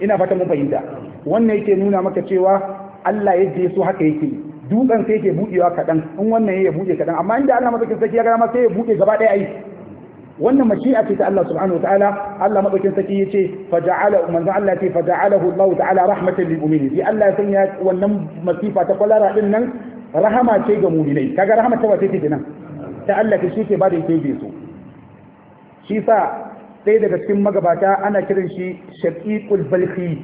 ina fata mun fahimta wannan yake nuna maka cewa Allah yadda ya so haka yake dutsen sai yake budewa kadan in wannan ya buɗe kadan amma inda Allah madaukakin saki ya ga ma sai ya buɗe gaba ɗaya ai wannan mashi'a ce ta Allah subhanahu wataala Allah madaukakin saki yace faja'ala manzo Allah ce faja'alahu Allah ta'ala rahmatan lil mu'minin sai Allah ya sanya wannan masifa ta kwalara din nan rahama ce ga mu'minai kaga rahama ta wace take nan ta Allah ke shi ba da yake su shi sa sai daga cikin magabata ana kiran shi shaqiqul balhi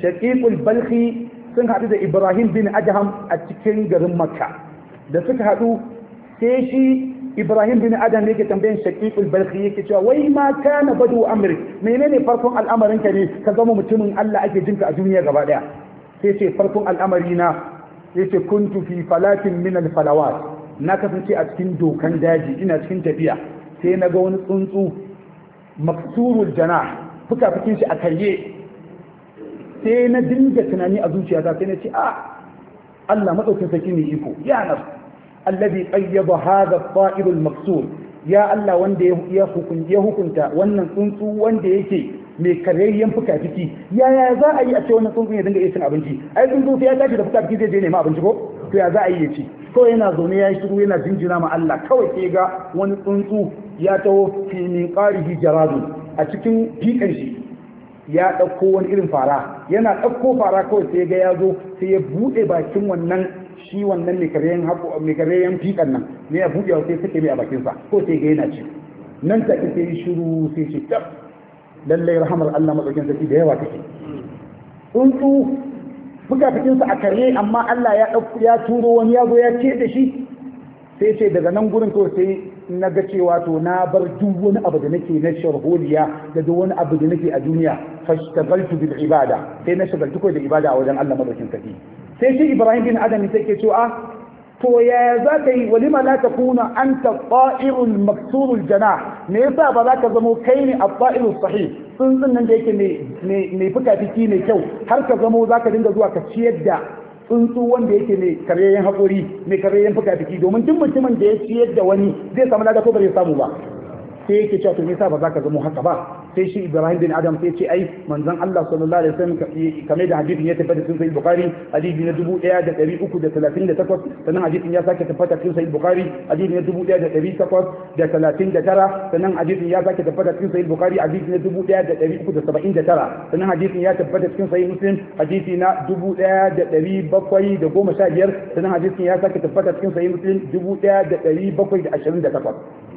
shaqiqul balhi sun hadu da Ibrahim bin Adham a cikin garin Makka da suka hadu sai shi Ibrahim bin Adam yake tambayan Shaqiqul balhi yake cewa wai ma kana badu amri menene farkon al'amarin ka ne ka zama mutumin Allah ake jinka a duniya gaba daya sai ce farkon al'amari na yace kuntu fi falakin min al-falawat na kasance a cikin dokan daji ina cikin tafiya sai na ga wani tsuntsu maksurul janah fukafukin shi a karye sai na dinga tunani a zuciyata sai na ce a ah, Allah madaukin sarki ne iko ya nas alladhi qayyada hadha at-ta'ib al-maksur ya Allah wanda ya hukunta wannan tsuntsu wanda yake mai karyayyen fuka-fiki yaya za a yi a ce wannan tsuntsun ya dinga iya cin abinci ai tsuntsun sai ya tashi da fuka-fiki zai je nema abinci ko to ya za a yi ya ci kawai yana zaune ya yi shiru yana jinjina ma Allah kawai sai ga wani tsuntsu ya taho fi min qarihi jaradun a cikin fikan shi ya dauko wani irin fara yana dauko fara kawai sai ga ya zo sai ya bude bakin wannan shi wannan mai karayyan fikan nan ne ya bude sai suke mai a bakinsa ko sai ga yana ci nan take sai shiru sai ce tab lallai rahamar Allah madaukin sarki da yawa take tsuntsu fukafikinsa a karye amma Allah ya ɗauko ya turo wani yazo ya ce da shi sai ce daga nan gurin kawai sai na ga cewa to na bar duk wani abu da nake na sharholiya da duk wani abu da nake a duniya fashtagaltu bil ibada sai na shagaltu kawai da ibada a wajen Allah madaukin sarki sai shi Ibrahim bin Adam sai ke cewa ah, to ya za ka yi walima la ta kuna an ta ƙa'irun maksurul jana me yasa ba za ka zamo kai ne a ƙa'irun sahi tsuntsun nan da yake ne fuka-fiki mai kyau har ka zamo za ka dinga zuwa ka ciyar da tsuntsu wanda yake mai karyayyen haƙori mai karyayyen fuka-fiki domin duk mutumin da ya ciyar da wani zai samu lada ko ba zai samu ba sai yake cewa to me yasa ba za ka zamo haka ba sai shi Ibrahim bin Adam sai ce ai manzon Allah sallallahu alaihi wasallam kamar da hadisin ya tabbata cikin sahih Bukhari hadisi na 1338 sannan hadisin ya sake tabbata cikin sahih Bukhari hadisi na 1839 sannan hadisin ya sake tabbata cikin sahih Bukhari hadisi na 1379 sannan hadisin ya tabbata cikin sahih Muslim hadisi na 1715 sannan hadisin ya sake tabbata cikin sahih Muslim 1728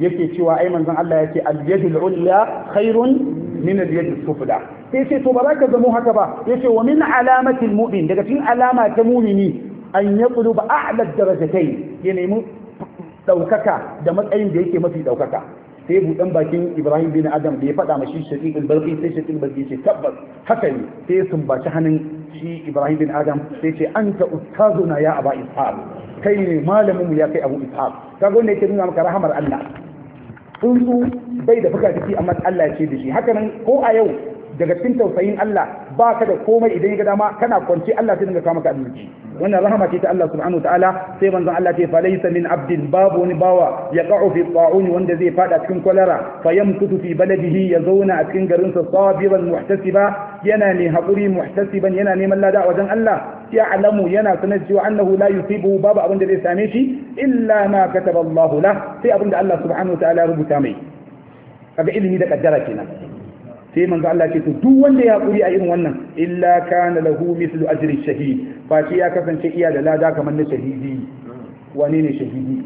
yake cewa ai manzon Allah yake al-yadul ulya khairun min al-yadul sufla sai ce to ba ka zamo haka ba yace wa min alamatil mu'min daga cikin alama ta mu'mini an yaqluba a'la darajatayn ya nemi daukaka da matsayin da yake mafi daukaka sai buɗan bakin Ibrahim bin Adam da ya faɗa mashi Shaqiq al-Balqi sai Shaqiq al ce tabbas haka ne sai sun baci hannun shi Ibrahim bin Adam sai ce an anta ustazuna ya aba ishaq kai ne malamin mu ya kai abu ishaq kaga wanda yake nuna maka rahamar Allah tsuntsu bai da fuka ciki amma Allah ya ce da shi haka nan ko a yau daga cikin tausayin Allah ba ka da komai idan ya ga dama kana kwance Allah sai dinga kawo maka abinci wannan rahama ce ta Allah subhanahu ta'ala sai manzon Allah ce falaysa min abdin babu wani bawa ya qa'u fi ta'un wanda zai fada cikin kwalara fa yamkutu fi baladihi ya zauna a cikin garin sa sabiran muhtasiba yana ne hakuri muhtasiban yana neman lada a wajen Allah alamu yana sanar cewa annahu la yusibu babu abin da zai same shi illa ma kataba Allah la sai abin da Allah subhanahu ta'ala rubuta mai kaga ilimi da kaddara kenan sai manzo Allah ce to duk wanda ya hakuri a irin wannan illa kana lahu mithlu ajri shahid fa shi ya kasance iya da lada kamar na shahidi Wani ne shahidi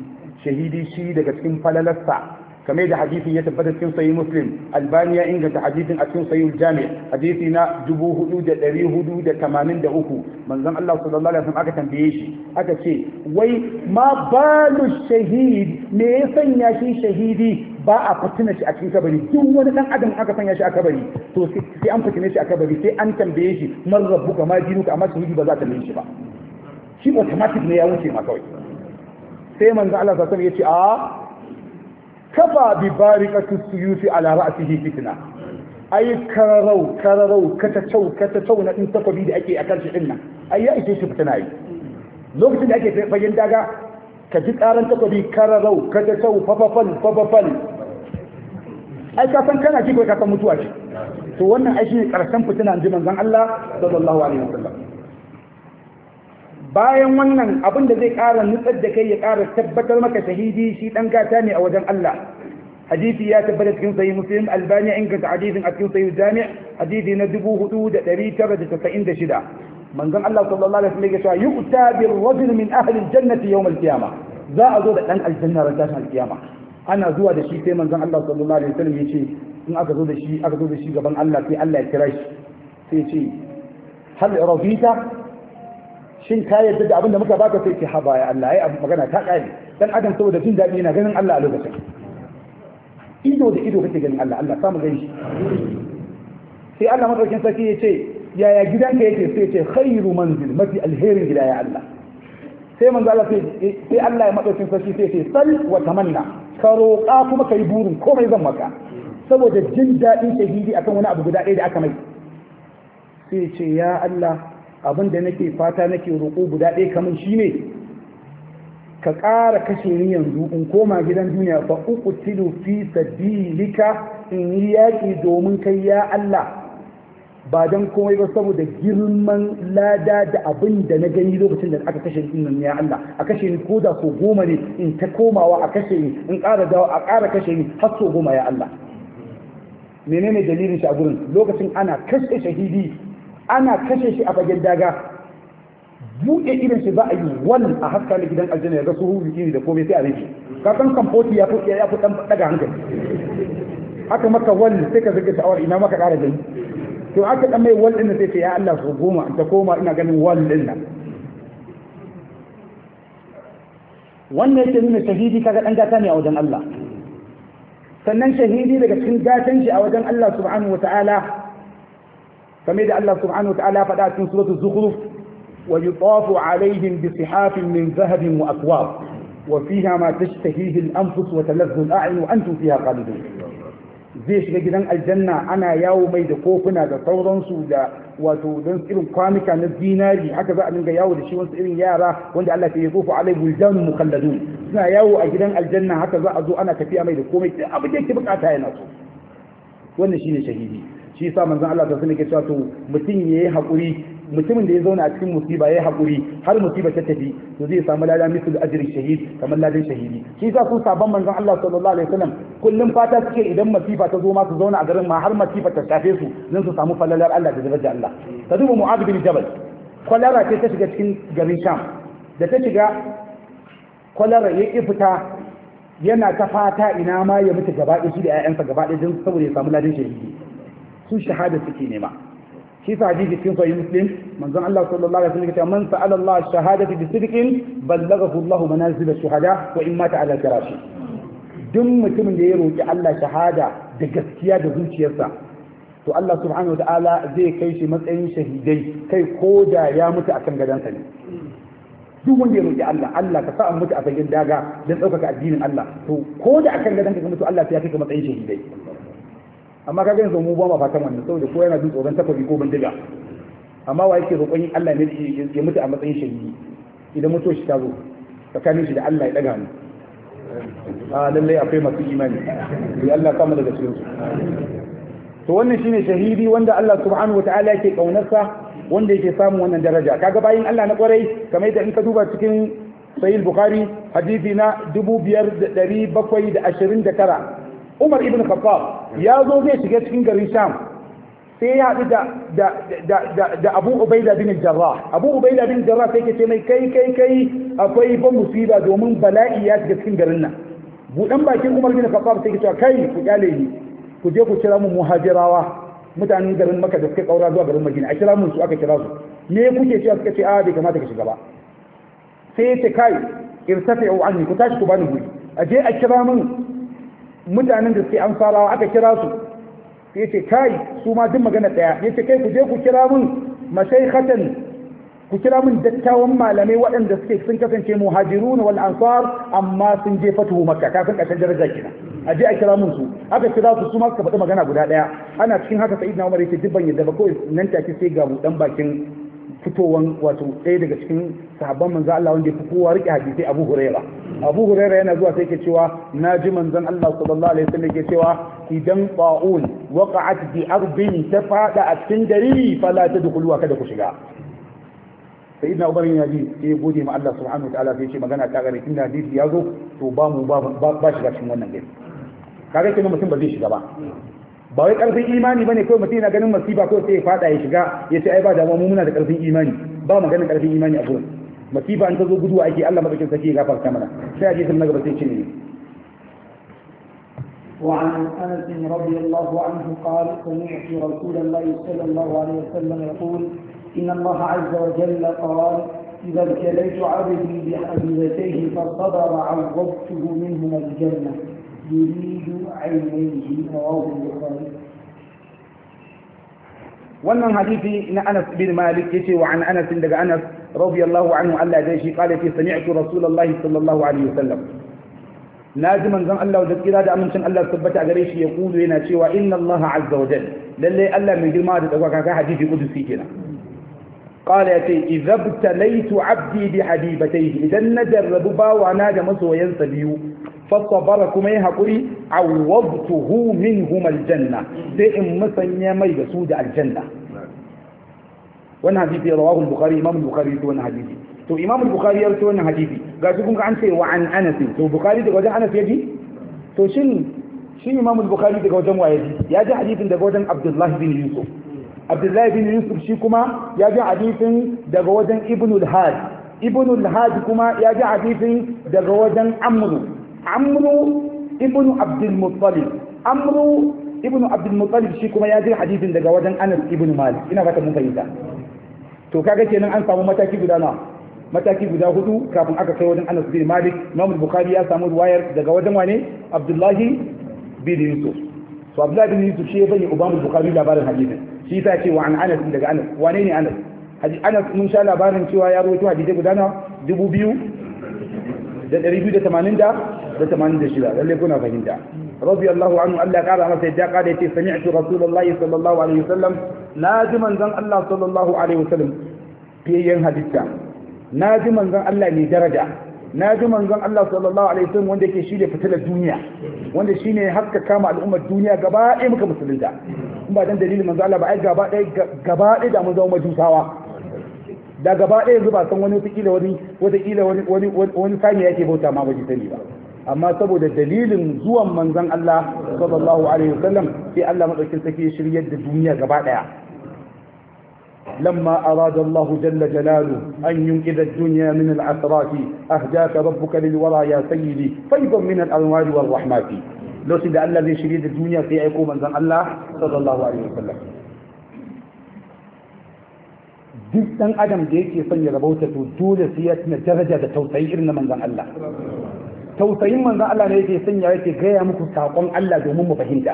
shahidi shi daga cikin falalarsa kamar da hadisin ya tabbata cikin sahih muslim albani ya inganta hadisin a cikin sahih jami hadisi na 4483 manzon Allah sallallahu alaihi wasallam aka tambaye shi aka ce wai ma balu shahid me ya sanya shi shahidi ba a fitina shi a cikin kabari duk wani dan adam aka sanya shi a kabari to sai an fitine shi a kabari sai an tambaye shi man rabbuka ma dinuka amma shi ba za ta tambaye shi ba shi automatic ne ya wuce ma kawai sai manzo Allah sallallahu sani ya ce a ah, kafa bi barikatu suyuti ala ra'sihi fitna ai kararau kararau kata-tau, kata-tau, na din takobi da ake akan shi dinnan ai ya ishe shi fitna ai lokacin da ake fagen daga ka ji karan takobi kararau kata-tau, fafafal fafafal ai ka san kana ci ka san mutuwa ce to wannan ai shine karshen fitina ji manzon Allah sallallahu alaihi wasallam bayan wannan abin da zai ƙara nutsar da kai ya ƙara tabbatar maka shahidi shi dan gata ne a wajen Allah hadisi ya tabbata cikin sahih muslim albani inganta hadisin a cikin sahih jami hadisi na 4996 manzon Allah sallallahu alaihi wasallam ya ce yu'ta bir rajul min ahli aljannati yawm alqiyama za a zo da dan aljanna ran tashin alqiyama ana zuwa da shi sai manzon Allah sallallahu alaihi wasallam yace in aka zo da shi aka zo da shi gaban Allah sai Allah ya kira shi sai ce hal rafita shin ka yadda da abinda muka baka sai ce ha baya Allah ai magana ta kare dan adam saboda jin dadi yana ganin Allah a lokacin ido da ido kake ganin Allah Allah samu gani sai Allah madaukin sarki yace yaya gidanka yake sai ce khairu manzil mafi alherin gida ya Allah sai manzo Allah sai Allah ya madaukin sarki sai ce sal wa tamanna ka roƙa kuma ka yi burin komai zan maka saboda jin daɗin shahidi akan wani abu guda ɗaya da aka mai sai ce ya Allah abin da nake fata nake roƙo guda ɗaya kamar shi ne ka ƙara kashe ni yanzu in koma gidan duniya fa uku tilu fi sabilika in yi yaƙi domin kai ya Allah ba don komai ba saboda girman lada da abin da na gani lokacin da aka kashe ni ya Allah a kashe ni ko da ko goma ne in ta komawa a kashe ni in ƙara dawo a ƙara kashe ni har so goma ya Allah menene dalilin shi a gurin lokacin ana kashe shahidi ana kashe shi a fagen daga buɗe irin shi za a yi wal a haska na gidan aljanna ya ga su hu da komai sai a rufe ka san kamfoti ya fi ya fi dan daga hankali haka maka wal sai ka zaga sha'awar ina maka ƙara gani to aka dan mai wal din sai ce ya Allah su goma ta koma ina ganin wal din wannan yake nuna shahidi kaga dan gata ne a wajen Allah sannan shahidi daga cikin gatan shi a wajen Allah subhanahu wataala kamar da Allah subhanahu wataala faɗa cikin suratul zukhruf wa yutafu alaihim ويطاف عليهم بصحاف من ذهب وأكواب وفيها ما تشتهيه الأنفس وتلذ الأعين وأنتم فيها خالدون zai shiga gidan aljanna ana yawo mai da kofuna da sauransu da wato don irin kwanuka na zinari haka za a dinga yawo da shi wasu irin yara wanda Allah ya zofa alai buljan mukalladun suna yawo a gidan aljanna haka za a zo ana tafiya mai da komai duk abin da yake bukata yana so wannan shine shahidi shi yasa manzon Allah ta sani ke cewa to mutum yayi hakuri mutumin da ya zauna a cikin musiba ya haƙuri har musiba ta tafi to zai samu lada misul ajri shahid kamar ladan shahidi shi yasa su sabon manzon Allah sallallahu alaihi wasallam kullum fata suke idan masifa ta zo ma su zauna a garin ma har masifa ta shafe su zan su samu falalar Allah da da Allah ta duba mu'ad bin Jabal kwalara ce ta shiga cikin garin Sham da ta shiga kwalara ya ki fita yana ta fata ina ma ya mutu gaba ɗaya shi da 'ya'yansa gaba ɗaya don saboda ya samu ladan shahidi su shahada suke nema shi sa hadisi cikin sahih muslim manzon Allah sallallahu alaihi wasallam ya ce man sa'ala Allah shahadati bi sidqin ballaghahu Allah manazil ash-shuhada wa in mata ala firashi duk mutumin da ya roki Allah shahada da gaskiya da zuciyarsa to Allah subhanahu wataala zai kai shi matsayin shahidai kai koda ya mutu akan gadansa ne duk wanda ya roki Allah Allah ka sa an mutu a fagen daga don ɗaukaka addinin Allah to ko da akan gadanka ka mutu Allah ya kai ka matsayin shahidai amma ka gani mu ba ma fatan wannan saboda ko yana jin tsoron takobi ko bindiga amma wa yake roƙon Allah ne ya mutu a matsayin shahidi idan mutuwa shi ta zo tsakanin shi da Allah ya ɗaga mu a ah, lallai akwai masu imani ya Allah kama daga cikin su to wannan shine shahidi wanda Allah subhanahu wataala yake kaunarsa wanda yake samun wannan daraja kaga bayin Allah na kwarai kamar yadda in ka duba cikin sahih bukhari hadithi na 5729 umar ibn khattab ya zo zai shiga cikin garin sham sai ya haɗu da abu ubaida bin jarrah abu ubaida bin jarrah sai ke ce mai kai kai kai akwai ban musiba domin bala'i ya shiga cikin garin nan buɗan bakin umar bin khattab sai ke kai ku kyale ni ku je ku kira mu muhajirawa mutanen garin maka da suka kaura zuwa garin madina a kira mun su aka kira su me kuke cewa suka ce a bai kamata ka shiga ba sai ya ce kai irtafi'u anni ku tashi ku bani guri a je a kira mun mutanen da suke ansarawa aka kira su sai ce kai su ma duk magana daya yace kai ku je ku kira mun mashai mashayikhatan ku kira mun dattawan malamai waɗanda suke sun kasance na wani ansar amma sun je fatuhu makka kafin ƙarshen daraja kina a je a kira mun su aka kira su su ma suka faɗi magana guda ɗaya ana cikin haka sayyidina umar yace duk ban yadda ba kawai nan take sai ga buɗan bakin fitowan wato ɗaya daga cikin sahabban manzan Allah wanda ya fi kowa rike hadisai Abu Huraira Abu Huraira yana zuwa sai ke cewa na ji manzan Allah sallallahu alaihi wasallam ke cewa idan ba'un waqa'at bi ardin ta fada a cikin gari fala tadkhulu kada ku shiga sai ina ubarin ya ji sai gode ma Allah subhanahu wataala sai ce magana ta gare inda hadisi ya zo to ba mu ba shiga cikin wannan gari kaga kenan mutum ba zai shiga ba ba wai karfin imani bane kawai mutum yana ganin masifa ko sai ya fada ya shiga ya ce ai ba damuwa mu muna da karfin imani ba maganin karfin imani a gurin masifa an tazo guduwa ake Allah madaukin sarki ya gafarta mana sai a je sun nagaba sai ce ne وعن انس رضي الله عنه قال سمعت رسول الله صلى الله عليه وسلم يقول ان الله عز وجل قال اذا ابتليت عبدي بحبيبتيه فصبر عوضته منهما الجنه يريد عينيه رواه البخاري wannan hadisi na Anas bin Malik yace wa an Anas daga Anas radiyallahu anhu Allah dai shi kale ce sami'tu Rasulullahi sallallahu alaihi wasallam naji zan Allah da kira da amincin Allah tabbata gare shi ya kudu yana cewa inna Allah azza wa jalla lalle Allah mai girma da dagwa kaga hadisi kudusi kenan qala yace izabtalaitu abdi bi habibatayhi idan na jarrabu bawana da masoyansa biyu fasabara kuma ya haƙuri min minhum janna sai in musanya mai da su da aljanna Wani hadisi ya al-bukhari imam al-bukhari to hadisi to imam bukari bukhari ya rawaito wannan hadisi ga shi kun an ce wa an anas to bukari daga wajen anas yaji to shin shi imam al daga wajen waye ya ji hadisin daga wajen abdullahi bin yusuf abdullahi bin yusuf shi kuma ya ji hadisin daga wajen ibn al-had ibn al-had kuma ya ji hadisin daga wajen amru amru ibn abdul muttalib amru ibn abdul muttalib shi kuma ya ji hadisin daga wajen anas ibn malik ina fata mun fahimta to kaga kenan an samu mataki guda na mataki guda hudu kafin aka kai wajen anas bin malik imam bukhari ya samu ruwayar daga wajen wane abdullahi bin yusuf to abdullahi bin yusuf shi ya bani ubamu bukhari labarin hadisin shi yasa ce wa an anas daga anas wane ne anas anas mun sha labarin cewa ya rawaito hadisi guda na dubu biyu da ɗari biyu da tamanin da da tamanin da shida lalle kuna fahimta رضي الله عنه ألا قال أنا سيدا قال يتي سمعت رسول الله صلى الله عليه وسلم ناجما زن الله صلى الله عليه وسلم في ينهى بالتا ناجما Allah الله daraja. na ji manzon Allah sallallahu alaihi wasallam wanda yake shine fitilar duniya wanda shine haska kama al'ummar duniya gaba ɗaya muka musulunta in ba dan dalilin manzon Allah ba ai gaba ɗaya gaba ɗaya da mun zama majusawa da gaba ɗaya yanzu ba san wani wata wani wata kila wani wani wani sani yake bauta ma baji sani ba amma saboda dalilin zuwan manzon Allah sallallahu alaihi wasallam sai Allah madaukin sake shiryar da duniya gaba ɗaya لما أراد الله جل جلاله أن ينقذ الدنيا من العثرات أهداك ربك للورى يا سيدي فيض من الأنوار والرحمات لو سيد الله شريد الدنيا في عقوبة زن الله صلى الله عليه وسلم duk ɗan adam da yake son ya rabauta to dole sai ya tuna daraja da tausayi irin na manzon Allah tausayin manzan Allah ne yake sanya yake gaya muku saƙon Allah domin mu fahimta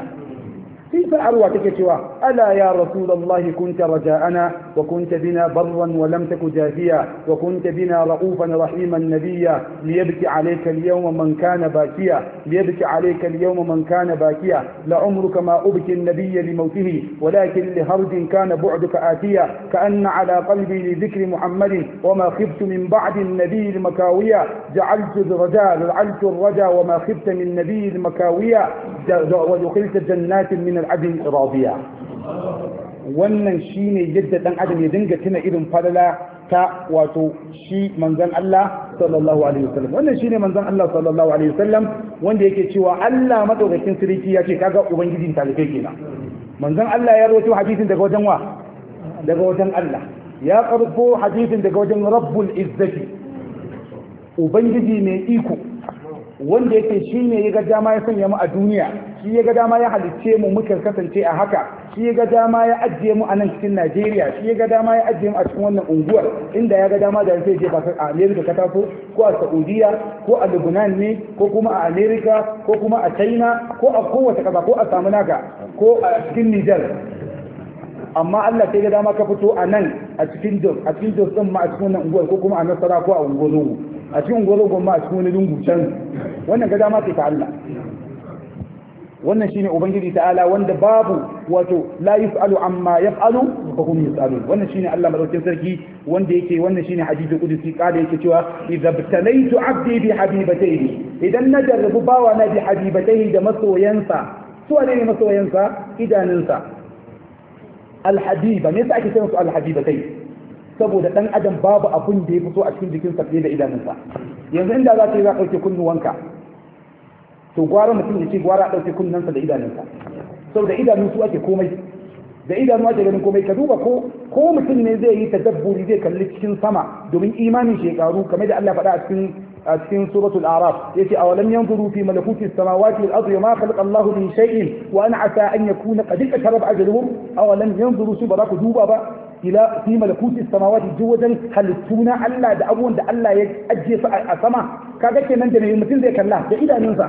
كيف أروتك سوى ألا يا رسول الله كنت رجاءنا وكنت بنا برا ولم تك جافيا وكنت بنا رؤوفا رحيما نبيا ليبكي عليك اليوم من كان باكيا ليبكي عليك اليوم من كان باكيا لعمرك ما أبكي النبي لموته ولكن لهرج كان بعدك آتيا كأن على قلبي لذكر محمد وما خبت من بعد النبي المكاوية جعلت الرجاء جعلت الرجاء وما خبت من النبي المكاوية ودخلت جنات من lil abin radiya wannan shine yadda dan adam ya dinga tuna irin falala ta wato shi manzon Allah sallallahu alaihi wasallam wannan shine manzon Allah sallallahu alaihi wasallam wanda yake cewa Allah madaukakin sarki yake kaga ubangijin talibai kenan manzon Allah ya rawaito hadisin daga wajen wa daga wajen Allah ya karbo hadisin daga wajen rabbul izzati ubangiji mai iko wanda yake shi ne ya ga dama ya sanya mu a duniya shi ya ga dama ya halicce mu muka kasance a haka shi ya ga dama ya ajiye mu a nan cikin Najeriya shi ya ga dama ya ajiye mu a cikin wannan unguwar inda ya ga dama da zai je kasar a America ka tafi ko a Saudiya ko a Lebanon ne ko kuma a America ko kuma a China ko a kowace kasa ko a samu naka ko a cikin Niger amma Allah sai ga dama ka fito a nan a cikin Jos a cikin Jos din ma a cikin wannan unguwar ko kuma a Nasara ko a Ungulu a cikin gwazo gwamma a cikin wani lungu can wannan ga dama sai ta Allah wannan shine ubangiji ta'ala wanda babu wato la yus'alu amma yaf'alu fa hum yus'alun wannan shine Allah madaukakin sarki wanda yake wannan shine hadisi kudusi kada yake cewa idabtalaytu 'abdi bi habibatayhi idan na jarrabu bawa na bi habibatayhi da masoyansa su ne masoyansa idaninsa alhabiba ne yasa ake cewa su alhabibatayhi saboda dan adam babu abin da ya fito a cikin jikinsa fiye da idanunsa yanzu inda za ka yi za ka ɗauke kunnuwanka to gwara mutum ya ce gwara ɗauke kunnensa da idanunsa saboda idanu su ake komai da idanu ake ganin komai ka duba ko ko mutum ne zai yi tadabburi zai kalli cikin sama domin imanin shekaru kamar da Allah faɗa a cikin a cikin suratul araf yace awalam yanzuru fi malakuti samawati wal ardi ma khalaqa Allahu min shay'in wa an asa an yakuna qad iqtaraba ajaluhum awalam yanzuru su ba ku duba ba ila fi malakuti samawati duk wajen halittu na Allah da abubuwan da Allah ya ajiye su a sama kaga kenan da ne mutum zai kalla da idanunsa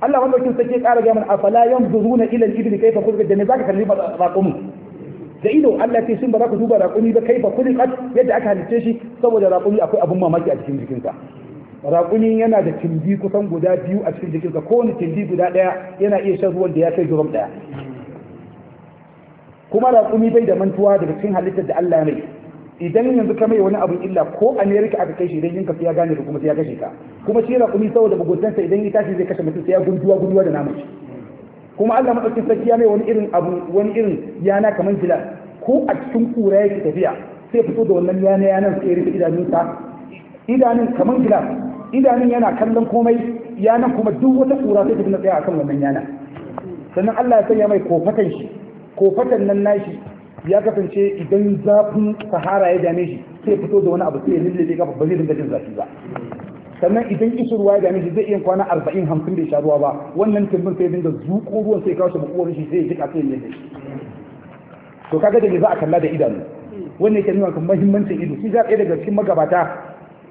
Allah wanda kin sake ƙara ga mun afala yanzuruna ila al-ibli kayfa khuliqat da ne zaka kalli raqum da ido Allah ce shin ba za ku duba raƙumi ba kaifa khuliqat yadda aka halice shi saboda raƙumi akwai abun mamaki a cikin jikinsa raƙumi yana da tumbi kusan guda biyu a cikin jikinsa kowane tumbi guda ɗaya yana iya shan ruwan da ya kai durom ɗaya kuma raƙumi bai da mantuwa daga cikin halittar da Allah mai idan yanzu ka mai wani abu illa ko America aka kai shi idan yinka sai ya gane da kuma sai ya kashe ka kuma shi raƙumi saboda bugotansa idan ya tashi zai kashe mutum sai ya gunduwa gunduwa da namun shi kuma Allah madaukakin sarki ya mai wani irin abu wani irin yana kamar jila ko a cikin kura yake tafiya sai fito da wannan yana yana sai ya rufe idanunsa idanun kamar jila idanun yana kallon komai yana kuma duk wata kura sai ta na tsaya akan wannan yana sannan Allah ya sanya mai kofatan shi kofatan nan nashi ya kasance idan zafin sahara ya dame shi sai fito da wani abu sai lullube kafa ba zai dinga jin zafi ba sannan idan isurwa ya dame shi zai iya kwana arba'in hamsin bai sha ruwa ba wannan tumbin sai dinga zuƙo ruwan sai kawo shi makuwar shi sai ya jika sai ya shi to kaga da me za a kalla da idanu wannan yake nuna kan mahimmancin ido shi za daga cikin magabata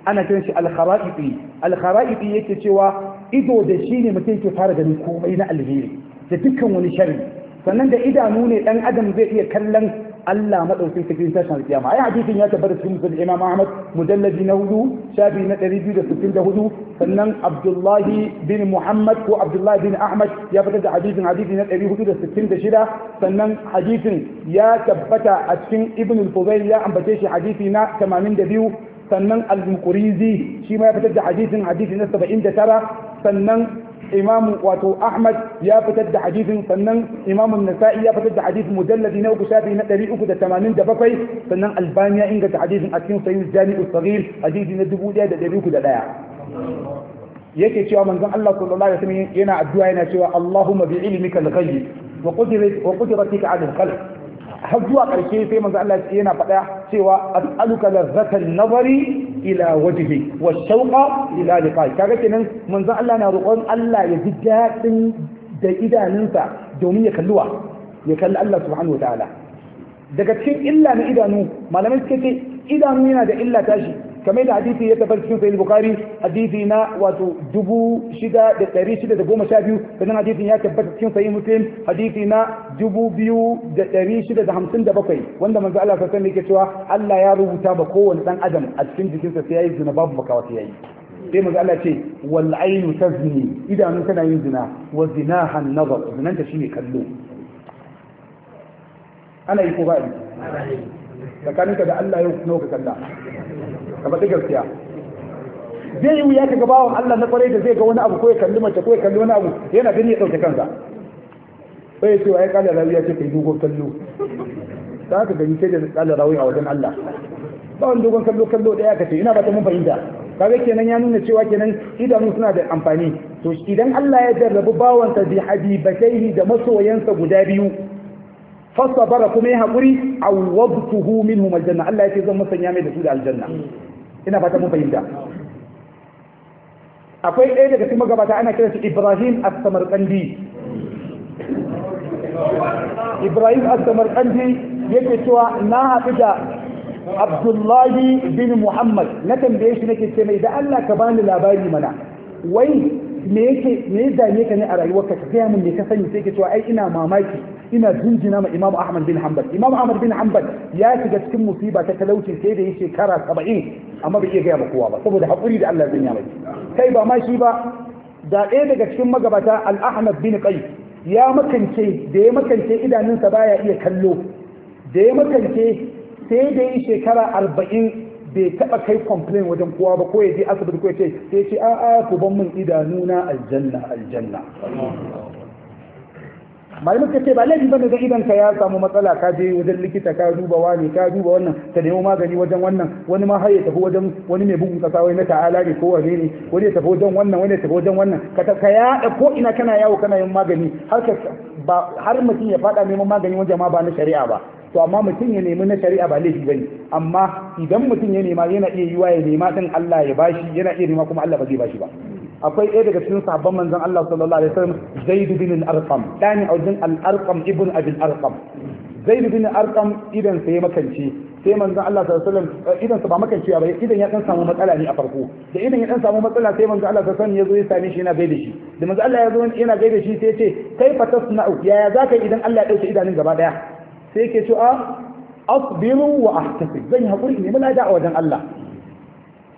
ana kiran shi al-khara'i al alkhara'iti yake cewa ido da shi ne mutum ke fara ganin komai na alheri da dukkan wani sharri sannan da idanu ne dan adam zai iya kallon Allah madaukakin sarki ta san kiyama ai hadisin ya tabbata cikin musul Imam Ahmad mujalladi na hudu shafi na 264 sannan abdullahi bin Muhammad ko abdullahi bin Ahmad ya fitar da hadisin hadisi na 466 sannan hadisin ya tabbata a cikin Ibn al-Fudayl ya ambace shi hadisi na 82 sannan al-Muqrizi shi ma ya fitar da hadisin hadisi na 79 sannan imam wato ahmad ya fitar da hadisin sannan imam an-nasa'i ya fitar da hadisin mujalladi na uku shafi na bakwai sannan albani ya inganta hadisin a cikin sahih jami'us saghir hadisi na ɗaya yake cewa manzon Allah sallallahu alaihi wasallam yana addu'a yana cewa Allahumma bi ilmika al-ghaib wa qudratika wa qudratika 'ala al-khalq har zuwa ƙarshe sai manzo Allah ya yana faɗa cewa as'aluka lazzatan nazari ila wajhi wa shauqa ila liqai kaga kenan manzo Allah na roƙon Allah ya ji daɗin da idanunsa domin ya kalluwa ya kalli Allah subhanahu wataala daga cikin illa na idanu malamai suke ce idanu yana da illa tashi kamar da hadisi ya tabbata cikin sahih bukari hadisi na wato dubu shida shida da da sha biyu sannan hadisin ya tabbata cikin sahih muslim hadisi na dubu biyu da da da shida hamsin bakwai wanda manzo Allah sallallahu alaihi yake cewa Allah ya rubuta ba kowanne ɗan adam a cikin jikinsa sai ya yi zina babu makawa sai ya yi sai manzo Allah ce wal ainu tazni idanun tana yin zina wa zina an-nazar zinanta shine kallo ana yi ko ba tsakaninka da Allah yau nawa ka kalla ka faɗi gaskiya zai yi wuya kaga bawan Allah na kwarai da zai ga wani abu ko ya kalli mace ko ya kalli wani abu yana gani ya ɗauke kansa sai ce ai kala rawi ya ce ka yi dogon kallo ta ka gani sai da kala rawi a wajen Allah ba dogon kallo kallo ɗaya ya kace ina ba ta mun fahimta kaga kenan ya nuna cewa kenan idanu suna da amfani to idan Allah ya jarrabu bawansa bi habibataihi da masoyansa guda biyu fasabara kuma ya haƙuri awwabtuhu minhum aljanna Allah ya ce zan musanya mai da su da aljanna ina fata mun fahimta akwai ɗaya daga cikin magabata ana kiransa Ibrahim as-Samarqandi Ibrahim as-Samarqandi yake cewa na haɗu da Abdullahi bin Muhammad na tambaye shi nake ce mai da Allah ka bani labari mana wai me yake me ya dame ka ne a rayuwarka ka gaya mun me ka sani sai ke cewa ai ina mamaki ina jinjina ma Imam Ahmad bin Hanbal Imam Ahmad bin Hanbal ya shiga cikin musiba ta talauci sai da ya shekara 70 amma bai iya gaya ba kowa ba saboda hakuri da Allah zai ya kai ba ma shi ba da ɗaya daga cikin magabata Al-Ahmad bin Qais ya makance da ya makance idanunsa baya iya kallo da ya makance sai da ya shekara arba'in bai taɓa kai complain wajen kowa ba ko ya asibiti ko ya ce sai ce a'a ku ban min idanuna aljanna aljanna malamin ka ce ba laifi bane da idan ka ya samu matsala ka je wajen likita ka duba wani ka duba wannan ka nemo magani wajen wannan wani ma har ya tafi wajen wani mai bugun kasa wai na ta'ala ne ko wane ne wani ya tafi wajen wannan wani ya tafi wajen wannan ka ta ya ko ina kana yawo kana yin magani har ka ba har mutum ya fada neman magani wajen ma ba na shari'a ba to amma mutum ya nemi na shari'a ba laifi bane amma idan mutum ya nema yana iya yiwa ya nema din Allah ya bashi yana iya nema kuma Allah ba zai bashi ba akwai ɗaya daga cikin sahabban manzon Allah sallallahu alaihi wasallam Zaid bin al-Arqam dani aujin al-Arqam ibn Abi al-Arqam Zaid bin al-Arqam idan sai makanci sai manzon Allah sallallahu alaihi wasallam eh, idan sa ba makanci ba idan ya dan samu matsala ne a farko da idan ya dan samu matsala sai manzon Allah sallallahu alaihi wasallam ya zo ya same shi yana gaida shi da manzon Allah ya zo yana gaida shi sai ya ce kai fa tasna'u yaya zaka idan Allah ya dauke idanun gaba daya sai yake cewa ah, asbiru wa ahtasib zan yi hakuri ne mala da'a wajen Allah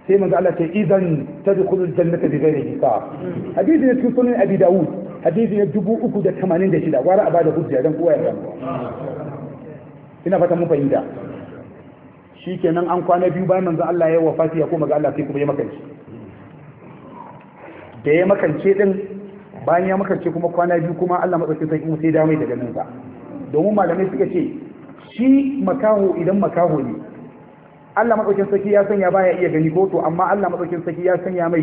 sai manzo Allah ce idan tadkhulul jannata bi ghairi hisab hadisi ne cikin sunan abi daud hadisi ne 386 wara a bada hujja dan kowa ya san ina fata mun fahimta shikenan an kwana biyu bayan manzo Allah ya wafati ya koma ga Allah sai kuma ya makance da ya makance din bayan ya makance kuma kwana biyu kuma Allah madaukakin sai kuma sai da mai daga nan sa domin malamai suka ce shi makaho idan makaho ne Allah madaukin saki ya sanya baya iya gani ko to amma Allah madaukin saki ya sanya mai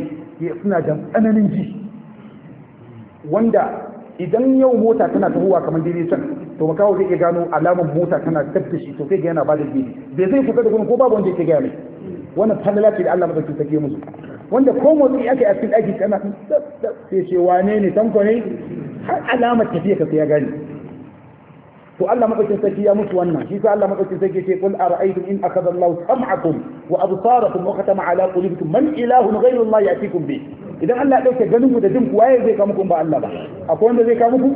suna da tsananin ji wanda idan yau mota tana tahowa kamar dai can to kawo zai iya gano alamar mota tana tabta shi to sai ga yana bada gidi bai zai kusa da gurin ko babu wanda yake gaya mai wannan falala ce da Allah madaukin saki musu wanda ko motsi ake a cikin aiki tana sai ce wane ne tanko ne har alamar tafiya ka sai ya gani to Allah madaukakin sarki ya mutu wannan shi sa Allah madaukakin sarki ce qul ara'aytum in akhadha Allahu sam'akum wa absarakum wa khatama ala qulubikum man ilahun ghayru Allah yatikum bi idan Allah ya dauke ganin da jin waye zai kawo muku ba Allah ba akwai wanda zai kawo muku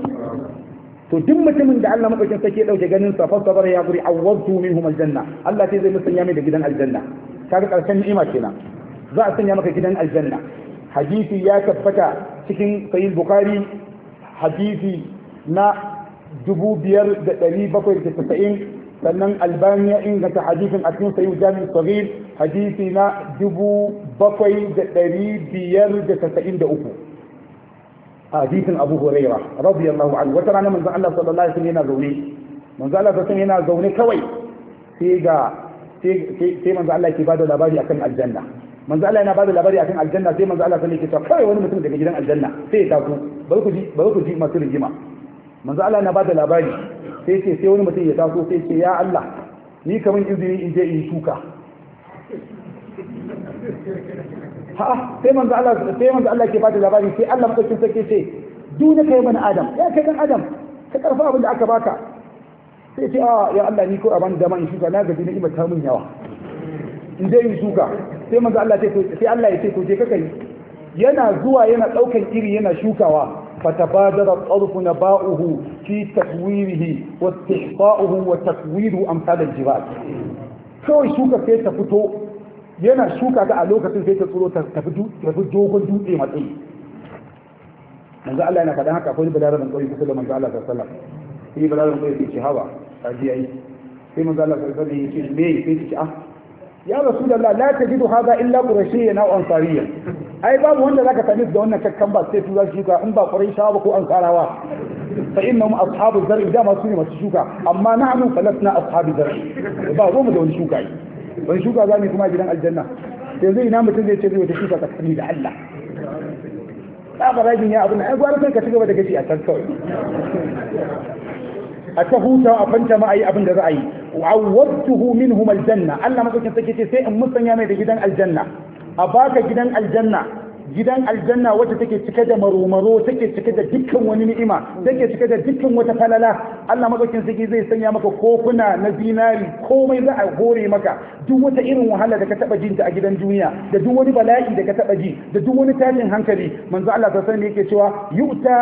to duk mutumin da Allah madaukakin sarki ya dauke ganin sa fa sabara ya guri awwadtu minhum aljanna Allah sai zai musanya mai da gidan aljanna kaga karshen ni'ima kenan za a sanya maka gidan aljanna hadisi ya tabbata cikin sahih bukhari hadisi na dubu biyar da ɗari bakwai da tasa'in sannan albaniya inganta hadisin a cikin sayi jami'in sarir hadisi na dubu bakwai da ɗari biyar da tasa'in da uku hadisin abu huraira radiyallahu anhu wata rana manzon Allah sallallahu alaihi wasallam yana zaune manzon Allah sallallahu yana zaune kawai sai ga sai manzo Allah ke bada labari akan aljanna manzo Allah yana bada labari akan aljanna sai manzo Allah sai ke cewa kai wani mutum daga gidan aljanna sai ya taso bari ku ji bari ku ji masu rigima manzo Allah na bada labari sai ce sai wani mutum ya taso sai ce ya Allah ni kamar izini in je in shuka ha sai manzo Allah sai manzo Allah ke bada labari sai Allah madaukin sarki ce duna kai mana adam ya kai dan adam ka karfa abin da aka baka sai ce ah ya Allah ni ko aban da man shuka na gaji ni'imar ta mun yawa in je in shuka sai manzo Allah sai Allah ya ce to je ka kai yana zuwa yana daukan iri yana shukawa فتبادر الطرف نباؤه في تكويره واستحقاؤه وتكوير أمثال الجبال kawai shuka sai ta fito yana shuka ta a lokacin sai ta tsoro ta fi dogon dutse matsayi manzo Allah yana faɗa haka akwai bala da kauye kusa da manzo Allah sallallahu alaihi sai bala da kauye ke ce hawa ta ji ai sai manzo Allah sallallahu ya rasu rasulullah la tajidu hadha illa qurashiyyan aw ansariyyan ai babu wanda zaka tamis da wannan kakkan ba sai tura shuka in ba quraishawa ba ko an karawa ansarawa fa innahum ashabu zar'i da masu ne masu shuka amma na falas na ashabu zar'i ba ruwa da wani shuka wani shuka za mu kuma gidan aljanna yanzu ina mutum zai ce zai wata shuka tsakani da Allah ba ba rajin ya na ai gwara ka ci gaba da gashi a can kawai a ta huta a fanta ma a yi abin da za a yi min minhum aljanna Allah madaukin sarki ce sai in musanya mai da gidan aljanna a baka gidan aljanna gidan aljanna wacce take cike da maromaro take cike da dukkan wani ni'ima take cike da dukkan wata falala Allah madaukin sarki zai sanya maka kokuna na zinari komai za a gore maka duk wata irin wahala da ka taba jinta a gidan duniya da duk wani bala'i da ka taba ji da duk wani tashin hankali manzo Allah ta sani yake cewa yu'ta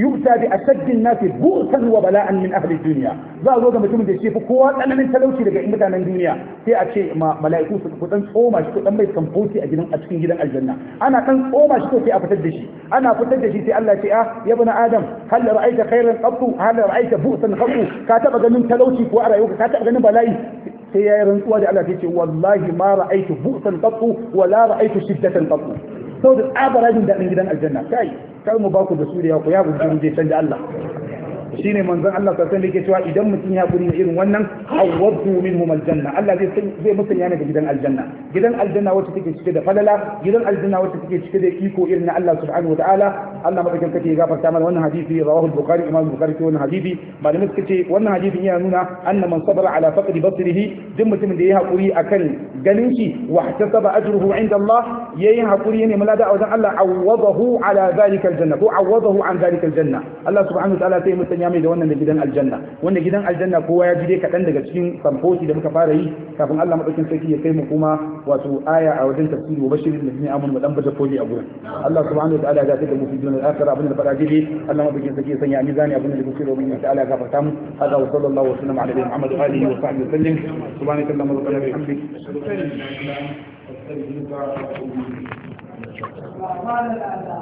yubta bi a nasi bu'san wa bala'an min ahli dunya za a zo ga mutumin da ya fi kowa tsananin talauci daga mutanen duniya sai a ce ma mala'iku su ku dan tsoma shi mai kamfoti a gidan a cikin gidan aljanna ana dan tsoma shi a fitar da shi ana fitar da shi sai Allah ya ce ah ya bani adam hal ra'aita khairan qattu hal ra'aita bu'san qattu ka taba ganin talauci ko a rayuwa ka taba ganin bala'i sai ya yi rantsuwa da Allah ya ce wallahi ma ra'aitu bu'san qattu wa la ra'aitu shiddatan qattu saboda tsabarajin daɗin gidan aljanna kai kar mu baku da suriya ku ya bujuru zai canja Allah shine manzon Allah sallallahu alaihi yake cewa idan mutum ya guri irin wannan awwadu minhum aljanna Allah zai zai musanya ne ga gidan aljanna gidan aljanna wacce take cike da falala gidan aljanna wacce take cike da iko irin na Allah subhanahu wataala Allah madaukakin kake ya gafarta mana wannan hadisi rawahu al-bukhari imam al-bukhari ke wannan hadisi malamin suka ce wannan hadisin yana nuna anna man sabara ala faqdi basrihi duk mutumin da ya hakuri akan ganin shi wa ihtasaba ajruhu inda Allah yayin hakuri ne mulada a wajen Allah awwadahu ala zalika aljanna ko awwadahu an zalika aljanna Allah subhanahu wataala sai musanya sanya mai da wannan da gidan aljanna wanda gidan aljanna kowa ya ji dai kaɗan daga cikin samfoti da muka fara yi kafin Allah madaukin sarki ya kai mu kuma wato aya a wajen tafsiri wa bashirin da ne amun madan baje koli a gurin Allah subhanahu wa ta'ala ya gafarta da mu fi dunya al-akhirah abin da fara dai Allah madaukin sarki ya sanya mizani abin da kuke roƙon Allah ta'ala ya gafarta mu hada wa sallallahu wa sallama ala nabiyina Muhammad wa alihi wa sahbihi sallam subhanaka allahumma wa bihamdik ashhadu an la ilaha illa anta astaghfiruka wa atubu ilayk